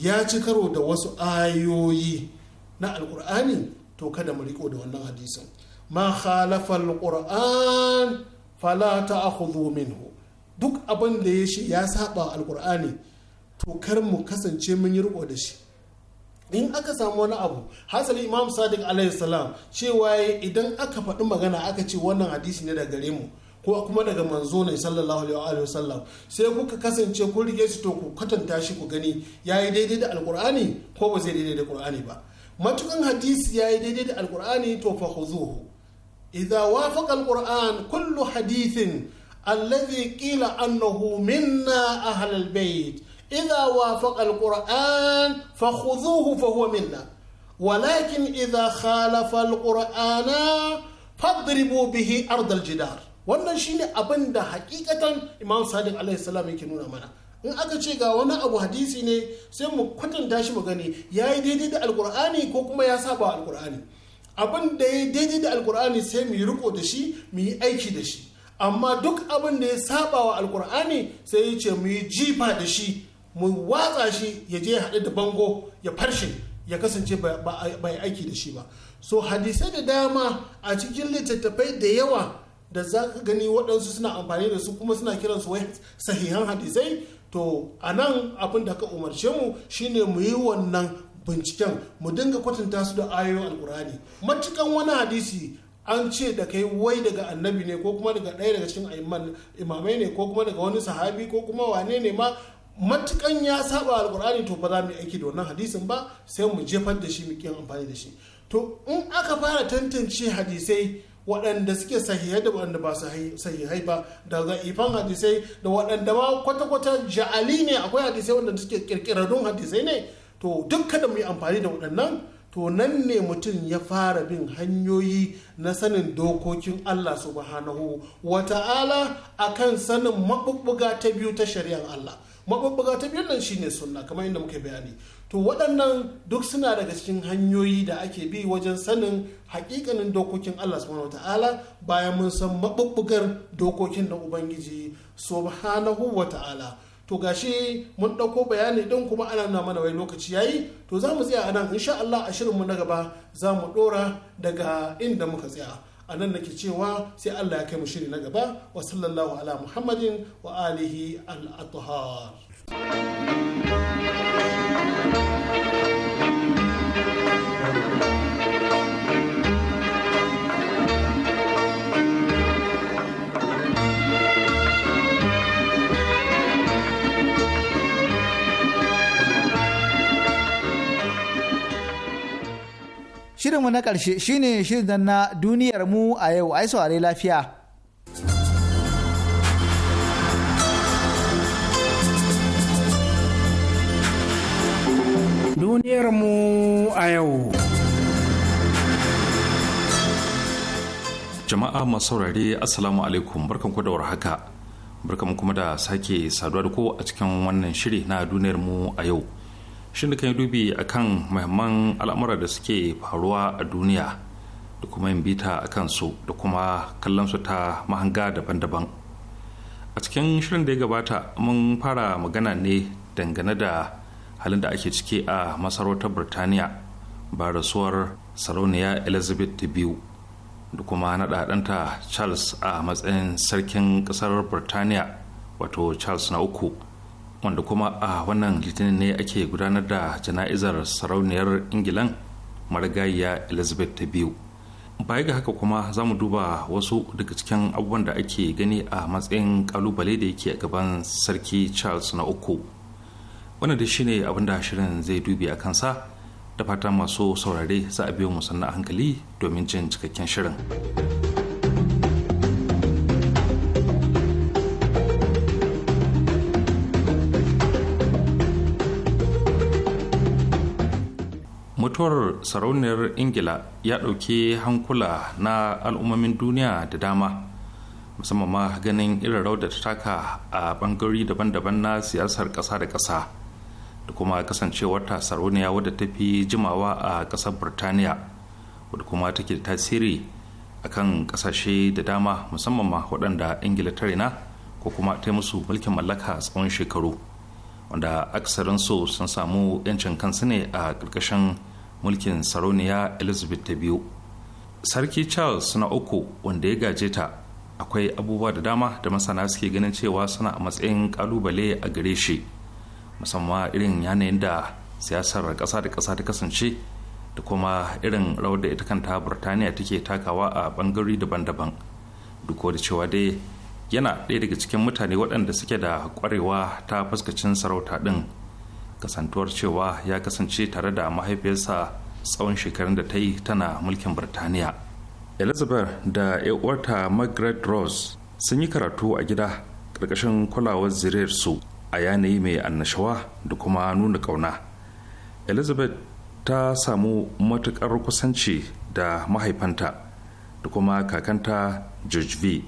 ya ci karo da wasu ayoyi na alkur'ani to kada mu riko da wannan hadisin ma khalafa alkur'an fala ta'khudhu minhu duk abin da ya shi ya saba alkur'ani to kar mu kasance mun yi riko da shi in aka samu wani abu hasali imam sadiq alayhi salam cewa idan aka faɗi magana aka ce wannan hadisi ne daga gare mu ko kuma daga manzo ne sallallahu alaihi wasallam sai kuka kasance ku rige shi to ku kwatanta shi ku gani yayi daidai da alkur'ani ko ba zai daidai da alkur'ani ba matukan hadisi yayi daidai da alkur'ani to fa khuzuhu idza wafaqa alquran kullu hadithin الذي قيل أنه منا أهل البيت إذا وافق القرآن فخذوه فهو منا ولكن إذا خالف القرآن فاضربوا به أرض الجدار wannan shine abin da hakikatan imam sadiq alaihi salam yake nuna mana in aka ce ga wani abu hadisi ne sai mu kwatanta shi mu gani ya yi daidai da alkur'ani ko kuma ya saba alkur'ani abin da ya yi daidai da alkur'ani sai mu yi riko da shi mu yi aiki da shi amma duk abin da ya saba wa alkur'ani sai ya ce mu yi jifa da shi mu watsa shi ya je haɗe da bango ya farshe ya kasance ba bai aiki da shi ba so hadisai da dama a cikin littattafai da yawa da za ka gani waɗansu suna amfani da su kuma suna kiransu wai sahihan hadisai to a nan abin da ka umarce mu shine mu yi wannan binciken mu dinga kwatanta su da ayoyin alkur'ani matukan wani hadisi an ce da kai wai daga annabi ne ko kuma daga ɗaya daga cikin imamai ne ko kuma daga wani sahabi ko kuma wane ne ma matukan ya saba alkur'ani to ba za mu aiki da wannan hadisin ba sai mu jefar da shi mu kiyan amfani da shi to in aka fara tantance hadisai waɗanda suke sahihai da waɗanda ba sahihai ba daga ifan hadisai da waɗanda ma kwata-kwata ja'ali ne akwai hadisai waɗanda suke kirkirarrun hadisai ne to duk kada mu yi amfani da waɗannan to nan ne mutum ya fara bin hanyoyi na sanin dokokin Allah subhanahu wa ta'ala a kan sanin maɓuɓɓuga ta biyu ta shari'ar Allah maɓuɓɓuga ta biyu nan shine sunna kamar inda muka bayani to waɗannan duk suna daga cikin hanyoyi da ake bi wajen sanin haƙiƙanin dokokin Allah subhanahu wa ta'ala bayan mun san maɓuɓɓugar dokokin da Ubangiji subhanahu wa ta'ala to gashi mun ɗauko bayani ɗin kuma ana nuna mana wai lokaci yayi to za mu tsaya anan nan insha Allah a shirin mu na gaba za mu ɗora daga inda muka tsaya a nan nake cewa sai Allah ya kai mu shiri na gaba wa sallallahu ala muhammadin wa alihi al-athhar
Shirinmu na ƙarshe shine shirin na duniyar mu a yau ai saurare lafiya.
Duniyar mu a yau.
Jama'a masu saurare Assalamu alaikum barkanku da warhaka. Barkanmu kuma da sake saduwa da ko a cikin wannan shiri na duniyar mu a yau. shin kan yi dubi kan mahimman al'amura da suke faruwa a duniya da kuma yin bita a kansu da kuma kallon su ta mahanga daban-daban a cikin shirin da ya gabata mun fara magana ne dangane da halin da ake ciki a masarautar birtaniya ba rasuwar sarauniya elizabeth ta biyu da kuma naɗa ɗanta charles a matsayin sarkin ƙasar birtaniya wato charles na uku wanda kuma a wannan litinin ne ake gudanar da jana'izar sarauniyar ingilan marigayiya elizabeth ta biyu baya ga haka kuma za mu duba wasu daga cikin abubuwan da ake gani a matsayin kalubale da yake a gaban sarki charles na uku wannan da shine abin da shirin zai dubi a kansa da fata masu saurare za a biyo musanna hankali domin jin cikakken shirin. mutuwar sarauniyar ingila ya ɗauki hankula na al'ummomin duniya da dama musamman ma ganin irin rawar da ta taka a ɓangarori daban-daban na siyasar ƙasa da ƙasa da kuma kasancewar ta sarauniya wadda ta fi jimawa a ƙasar burtaniya wadda kuma take da tasiri a kan ƙasashe da dama musamman ma waɗanda ingila ta rena ko kuma ta musu mulkin mallaka tsawon shekaru wanda aksarin su sun samu 'yancin kansu ne a ƙarƙashin mulkin sarauniya elizabeth ta biyu sarki charles na uku wanda ya gaje ta akwai abubuwa da dama da masana suke ganin cewa suna a matsayin kalubale a gare shi musamman irin yanayin da siyasar ƙasa da ƙasa ta kasance da kuma irin rawar da ita kanta burtaniya take takawa a bangare daban-daban duk da cewa dai yana ɗaya daga cikin mutane waɗanda suke da ƙwarewa ta fuskacin sarauta ɗin kasantuwar cewa ya kasance tare da mahaifiyarsa tsawon shekarun da ta yi tana mulkin birtaniya elizabeth da uwarta margaret rose sun yi karatu a gida ƙarƙashin kulawar zuriyarsu a yanayi mai annashawa da kuma nuna ƙauna elizabeth ta samu matuƙar kusanci da mahaifanta da kuma kakanta george v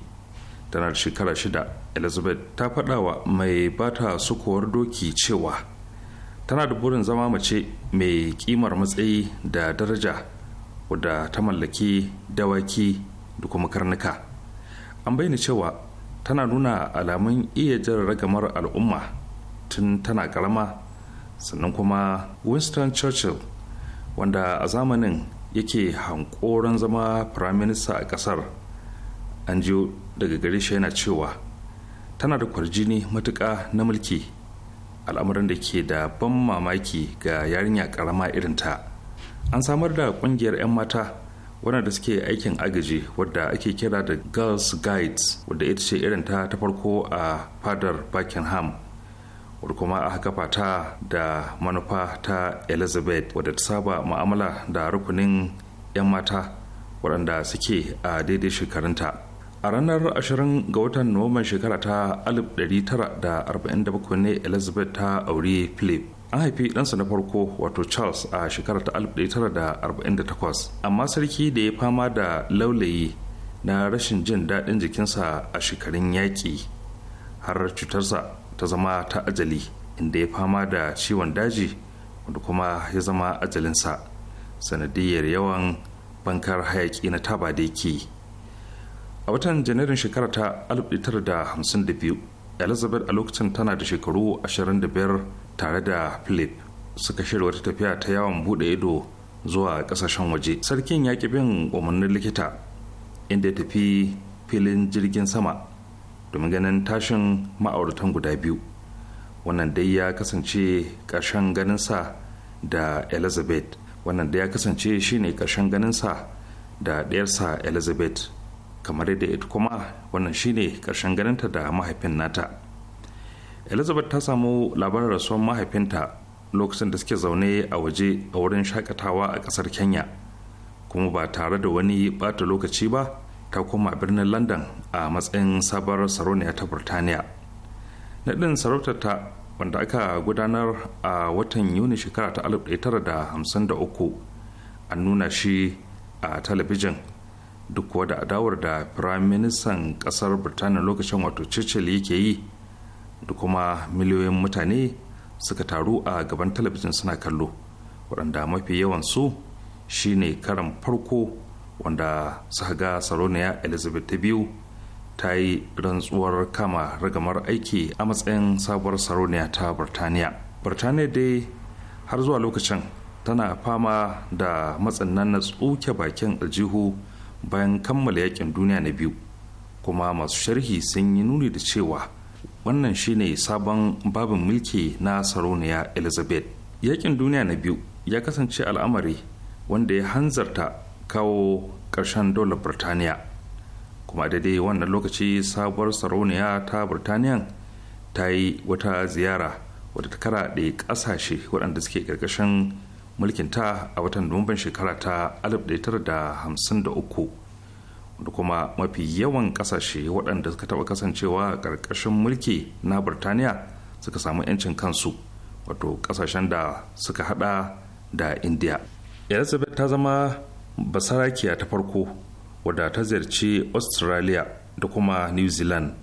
tana da shekara shida elizabeth ta faɗa wa mai bata sukuwar doki cewa tana da burin zama mace mai kimar matsayi da daraja wadda ta mallaki dawaki da kuma karnuka an bayyana cewa tana nuna alamun iya jan ragamar al'umma tun tana karama sannan kuma winston churchill wanda a zamanin yake hankoron zama firaminista a kasar an jiyo daga gare shi yana cewa tana da kwarjini matuƙa na mulki al'amuran da ke da ban mamaki ga yarinya karama irinta an samar da kungiyar 'yan mata waɗanda suke aikin agaji wadda ake kira da girls guides wadda ita ce irinta ta farko a fadar buckingham wadda kuma aka kafa ta da manufa ta elizabeth wadda ta saba mu'amala da rukunin 'yan mata waɗanda suke a daidai shekarunta a ranar 20 ga watan nuwamban shekara ta 1947 ne elizabeth ta auri philip an haifi ɗansa na farko wato charles a shekara ta 1948 amma sarki da ya fama da laulayi na rashin jin daɗin jikinsa a shekarun yaƙi har cutarsa ta zama ta ajali inda ya fama da ciwon daji wanda kuma ya zama ajalinsa sanadiyar yawan bankar hayaƙi na taba da yake a watan janairun shekara ta 1952 elizabeth a lokacin tana da shekaru 25 tare da philip suka shirya wata tafiya ta yawon bude ido zuwa kasashen waje sarkin ya ki bin umarnin likita inda ya tafi filin jirgin sama domin ganin tashin ma'auratan guda biyu wannan dai ya kasance ƙarshen ganinsa da elizabeth wannan dai ya kasance shine ƙarshen ganinsa da ɗayarsa elizabeth kamar yadda ita kuma wannan shine karshen ganinta da mahaifin nata elizabeth ta samu labarin rasuwar mahaifinta lokacin da suke zaune a waje a wurin shakatawa a kasar kenya kuma ba tare da wani bata lokaci ba ta koma birnin london a matsayin sabar sarauniya ta burtaniya naɗin sarautarta wanda aka gudanar a watan yuni shekara ta 1953 an nuna shi a talabijin duk kuwa da adawar da prime ƙasar kasar birtaniya lokacin wato churchill yake yi da kuma miliyoyin mutane suka taru a gaban talabijin suna kallo waɗanda mafi yawansu shine karan farko wanda suka ga sarauniya elizabeth ta biyu ta yi rantsuwar kama ragamar aiki a matsayin sabuwar saroniya ta birtaniya birtaniya dai har zuwa lokacin tana fama da matsin nan na tsuke bakin aljihu bayan kammala yakin duniya na biyu kuma masu sharhi sun yi nuni da cewa wannan shine sabon babin mulki na sarauniya elizabeth yakin duniya na biyu ya kasance al'amari wanda ya hanzarta kawo ƙarshen dolar birtaniya kuma daidai wannan lokaci sabuwar sarauniya ta birtaniyan ta yi wata ziyara wadda ta kara da ƙasashe waɗanda suke ƙarƙashin mulkinta a watan nuwamban shekara ta 1953 da kuma mafi yawan kasashe waɗanda suka taɓa kasancewa ƙarƙashin mulki na birtaniya suka samu 'yancin kansu wato ƙasashen da suka haɗa da india elizabeth ta zama basarakiya ta farko wadda ta ziyarci australia da kuma new zealand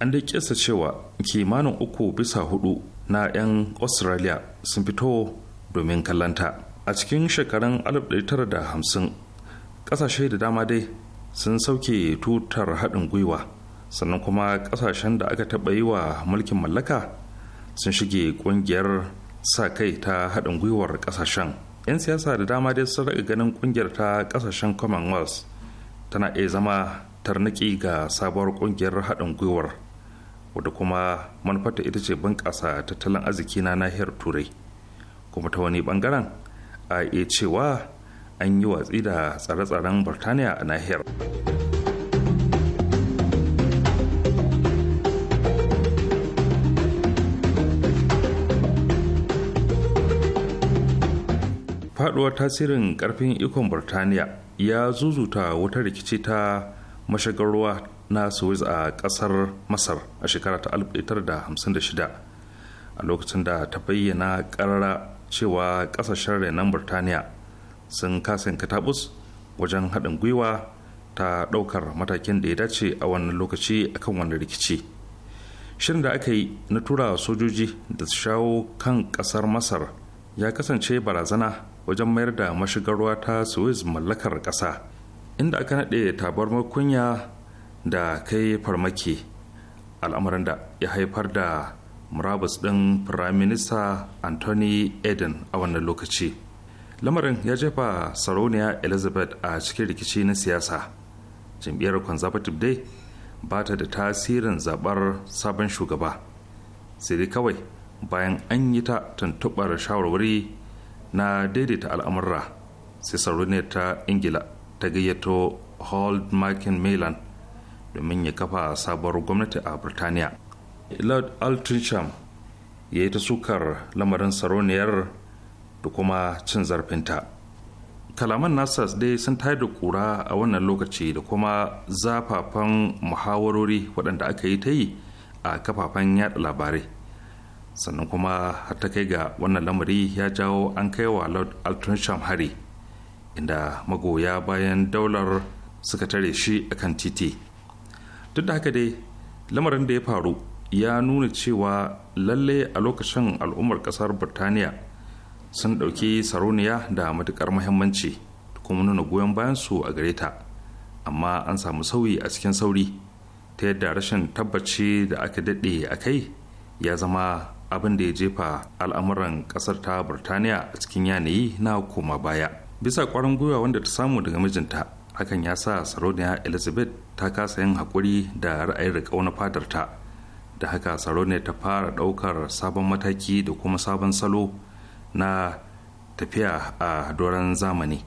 an dai kisa cewa kimanin uku bisa hudu na 'yan australia sun fito domin kallanta a cikin shekarun 1950 ƙasashe da dama dai sun sauke tutar haɗin gwiwa sannan kuma ƙasashen da aka taɓa yi wa mulkin mallaka sun shige ƙungiyar sa kai ta haɗin gwiwar ƙasashen 'yan siyasa da dama dai sun raga ganin ƙungiyar ta ƙasashen commonwealth tana iya zama tarniki ga sabuwar ƙungiyar haɗin gwiwar wadda kuma manufarta ita ce bunƙasa tattalin arziki na nahiyar turai kuma ta wani bangaren a iya cewa an yi watsi da tsare-tsaren burtaniya a nahiyar faduwar tasirin karfin ikon burtaniya ya zuzuta wata rikici ta mashagarwa na suez a kasar masar a shekara ta 1956 a lokacin da ta bayyana karara cewa kasashen renan burtaniya sun kasan katabus wajen haɗin gwiwa ta ɗaukar matakin da ya dace a wannan lokaci akan wannan rikici shirin da aka yi na tura sojoji da su shawo kan ƙasar masar ya kasance barazana wajen mayar da mashigar ruwa ta suez mallakar ƙasa inda aka naɗe tabar kunya da kai farmaki al'amarin da ya haifar da murabus ɗin firaminista anthony eden a wannan lokaci lamarin ya jefa sarauniya elizabeth a cikin rikici na siyasa jam'iyyar conservative dai ba ta da tasirin zabar sabon shugaba sai dai kawai bayan an yi ta tuntuɓar shawarwari na daidaita al'amurra sai sarauniyar ta ingila ta gayyato hold makin milan domin ya kafa sabuwar gwamnati a Burtaniya. lord altrincham ya yi ta sukar lamarin saroniyar da kuma cin zarfinta kalaman nasas dai sun tayar da kura a wannan lokaci da kuma zafafan muhawarori waɗanda aka yi ta yi a kafafen yada labarai sannan kuma har ta kai ga wannan lamari ya jawo an kai wa lord altrincham hari inda magoya bayan daular suka tare shi akan titi duk da haka dai lamarin da ya faru ya nuna cewa lalle a lokacin al'ummar kasar birtaniya sun ɗauki saroniya da matuƙar muhimmanci kuma nuna goyon bayansu a gare ta amma an samu sauyi a cikin sauri ta yadda rashin tabbaci da aka daɗe a kai ya zama abin da ya jefa al'amuran ƙasar ta birtaniya a cikin yanayi na koma baya bisa ƙwarin gwiwa wanda ta samu daga mijinta hakan ya sa sarauniya elizabeth ta kasa yin haƙuri da ra'ayin riƙau na fadarta da haka tsaro ne ta fara ɗaukar sabon mataki da kuma sabon salo na tafiya a doron zamani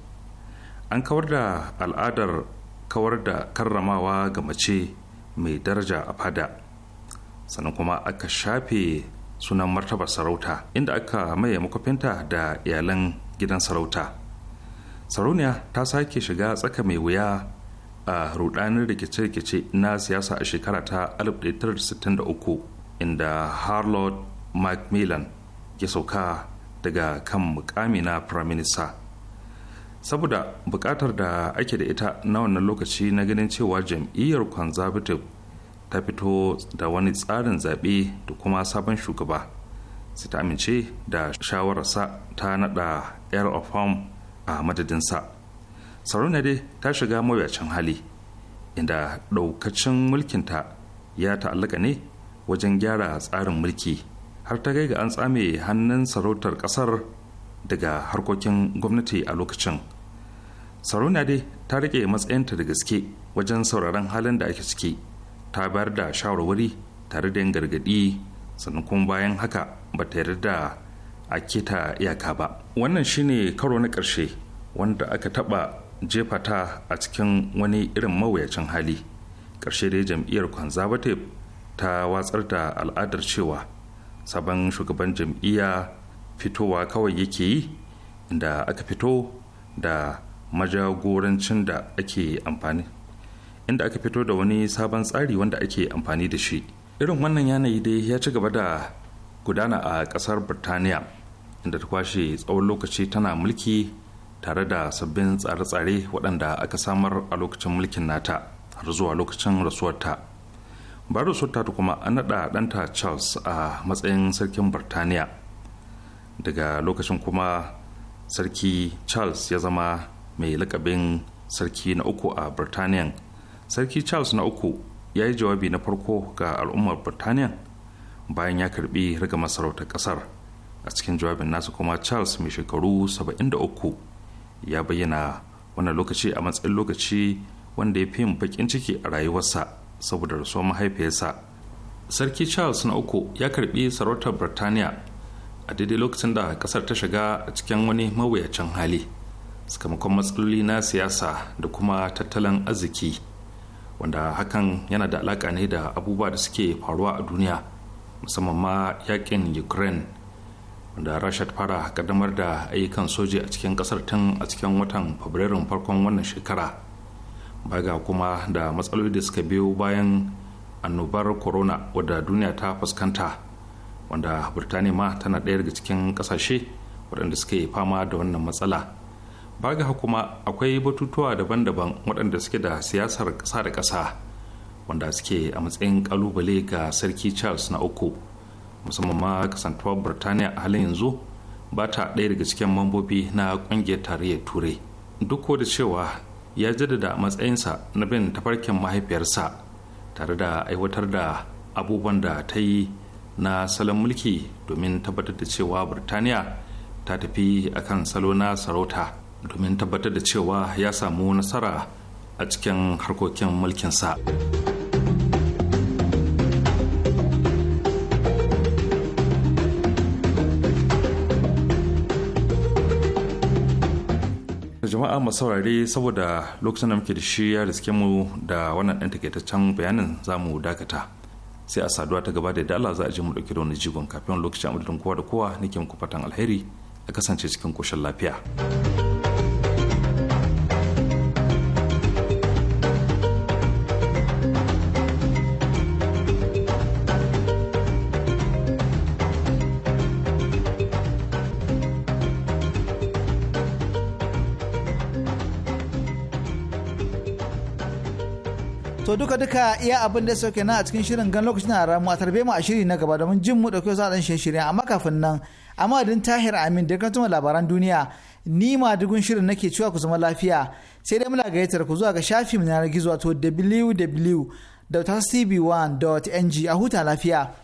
an kawar da al'adar kawar da karramawa ga mace mai daraja a fada sannan kuma aka shafe sunan martaba sarauta inda aka maye makwafinta da iyalan gidan sarauta sarauniya ta sake shiga tsaka mai wuya a rudanin rikice-rikice na siyasa a shekara ta 1963 inda harlot macmillan ya sauka daga kan mukami na firaminista saboda bukatar da ake da ita na wannan lokaci na ganin cewa jam'iyyar conservative ta fito da wani tsarin zaɓe da kuma sabon shugaba sai ta amince da shawararsa ta naɗa air of home a madadinsa sarauniya dai ta shiga mawuyacin hali inda ɗaukacin mulkinta ya ta'allaka ne wajen gyara tsarin mulki har ta gaiga ga an tsame hannun sarautar ƙasar daga harkokin gwamnati a lokacin sarauniya dai ta rike matsayinta da gaske wajen sauraron halin da ake ciki ta bayar da shawarwari tare da yin gargadi, sannan kuma bayan haka ba ta yarda da a keta iyaka ba wannan shine karo na ƙarshe wanda aka taɓa jefa ta a cikin wani irin mawuyacin hali ƙarshe dai jam'iyyar conservative ta watsar da al'adar cewa sabon shugaban jam'iyya fitowa kawai yake yi inda aka fito da majagorancin da ake amfani inda aka fito da wani sabon tsari wanda ake amfani da shi irin wannan yanayi dai ya ci gaba da gudana a ƙasar birtaniya inda ta kwashe tsawon lokaci tana mulki tare da sabbin tsare-tsare waɗanda aka samar a lokacin mulkin nata har zuwa lokacin rasuwarta bayan rasuwarta ta kuma an naɗa ɗanta charles a matsayin sarkin birtaniya daga lokacin kuma sarki charles ya zama mai lakabin sarki na uku a birtaniya sarki charles na uku ya yi jawabi na farko ga al'ummar birtaniya bayan ya karbi riga masarautar ƙasar a cikin jawabin nasa kuma charles mai shekaru 73 ya bayyana wannan lokaci a matsayin lokaci wanda ya fi yin bakin ciki a rayuwarsa saboda rasuwar mahaifiyarsa sarki charles na uku ya karbi sarautar birtaniya a daidai lokacin da ƙasar ta shiga a cikin wani mawuyacin hali sakamakon matsaloli na siyasa da kuma tattalin arziki wanda hakan yana da alaƙa ne da abubuwa da suke faruwa a duniya musamman ma yakin ukraine wanda rasha ta fara kaddamar da ayyukan soji a cikin kasar tun a cikin watan fabrairun farkon wannan shekara baga kuma da matsaloli da suka biyo bayan annobar corona wadda duniya ta fuskanta wanda birtaniya ma tana ɗaya daga cikin ƙasashe waɗanda suke fama da wannan matsala baga kuma akwai batutuwa daban-daban waɗanda suke da siyasar ƙasa da ƙasa wanda suke a matsayin ƙalubale ga sarki charles na uku musamman ma kasantuwar birtaniya a halin yanzu ba ta ɗaya daga cikin mambobi na ƙungiyar tarayyar turai duk da cewa ya jaddada matsayinsa na bin tafarkin mahaifiyarsa tare da aiwatar da abubuwan da ta yi na salon mulki domin tabbatar da cewa birtaniya ta tafi akan salo na sarauta domin tabbatar da cewa ya samu nasara a cikin harkokin mulkinsa. sa jama'a mu saurare saboda lokacin da muke da shi ya riske mu da wannan ɗan takaitaccen bayanin za mu dakata sai a saduwa ta gaba da dala za a je mu ɗauki da wani jigon kafin lokacin amadadin kowa da kowa nake muku fatan alheri a kasance cikin koshin lafiya.
duka duka iya abin da sauke na a cikin shirin gan lokacin na ramu a tarbe mu a shiri na gaba domin jin mu dauke za a dan shirye amma kafin nan amma din tahir amin da kantuma labaran duniya ni ma dugun shirin nake cewa ku zama lafiya sai dai muna gayyatar ku zuwa ga shafin na gizo wato www.tv1.ng a huta lafiya.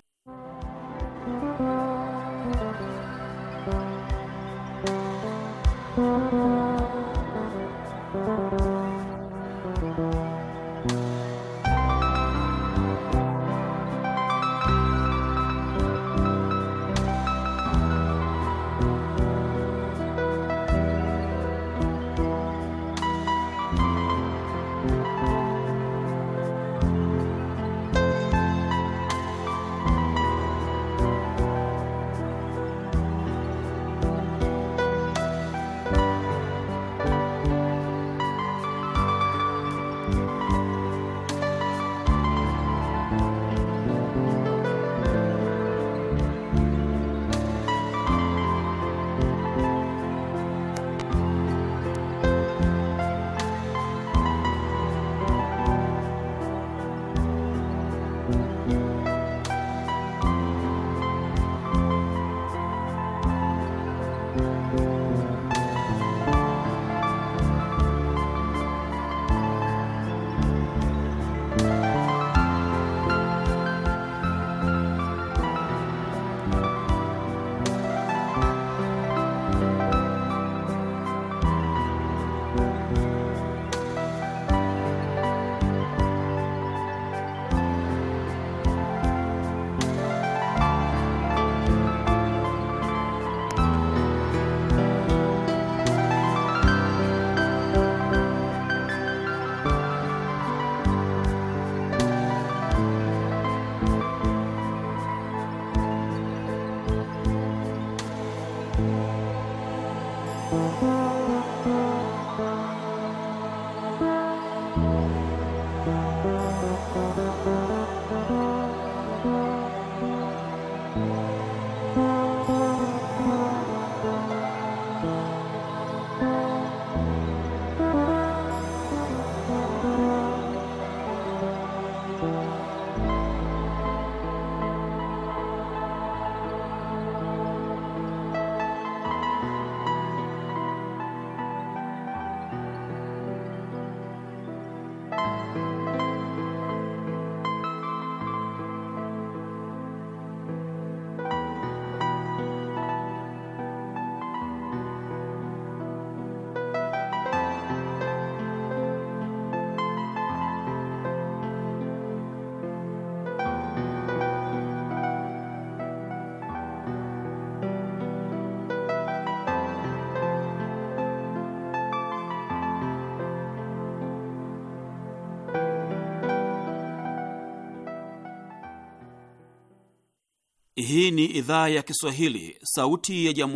Hii ni idhaa ya Kiswahili, sauti ya jamu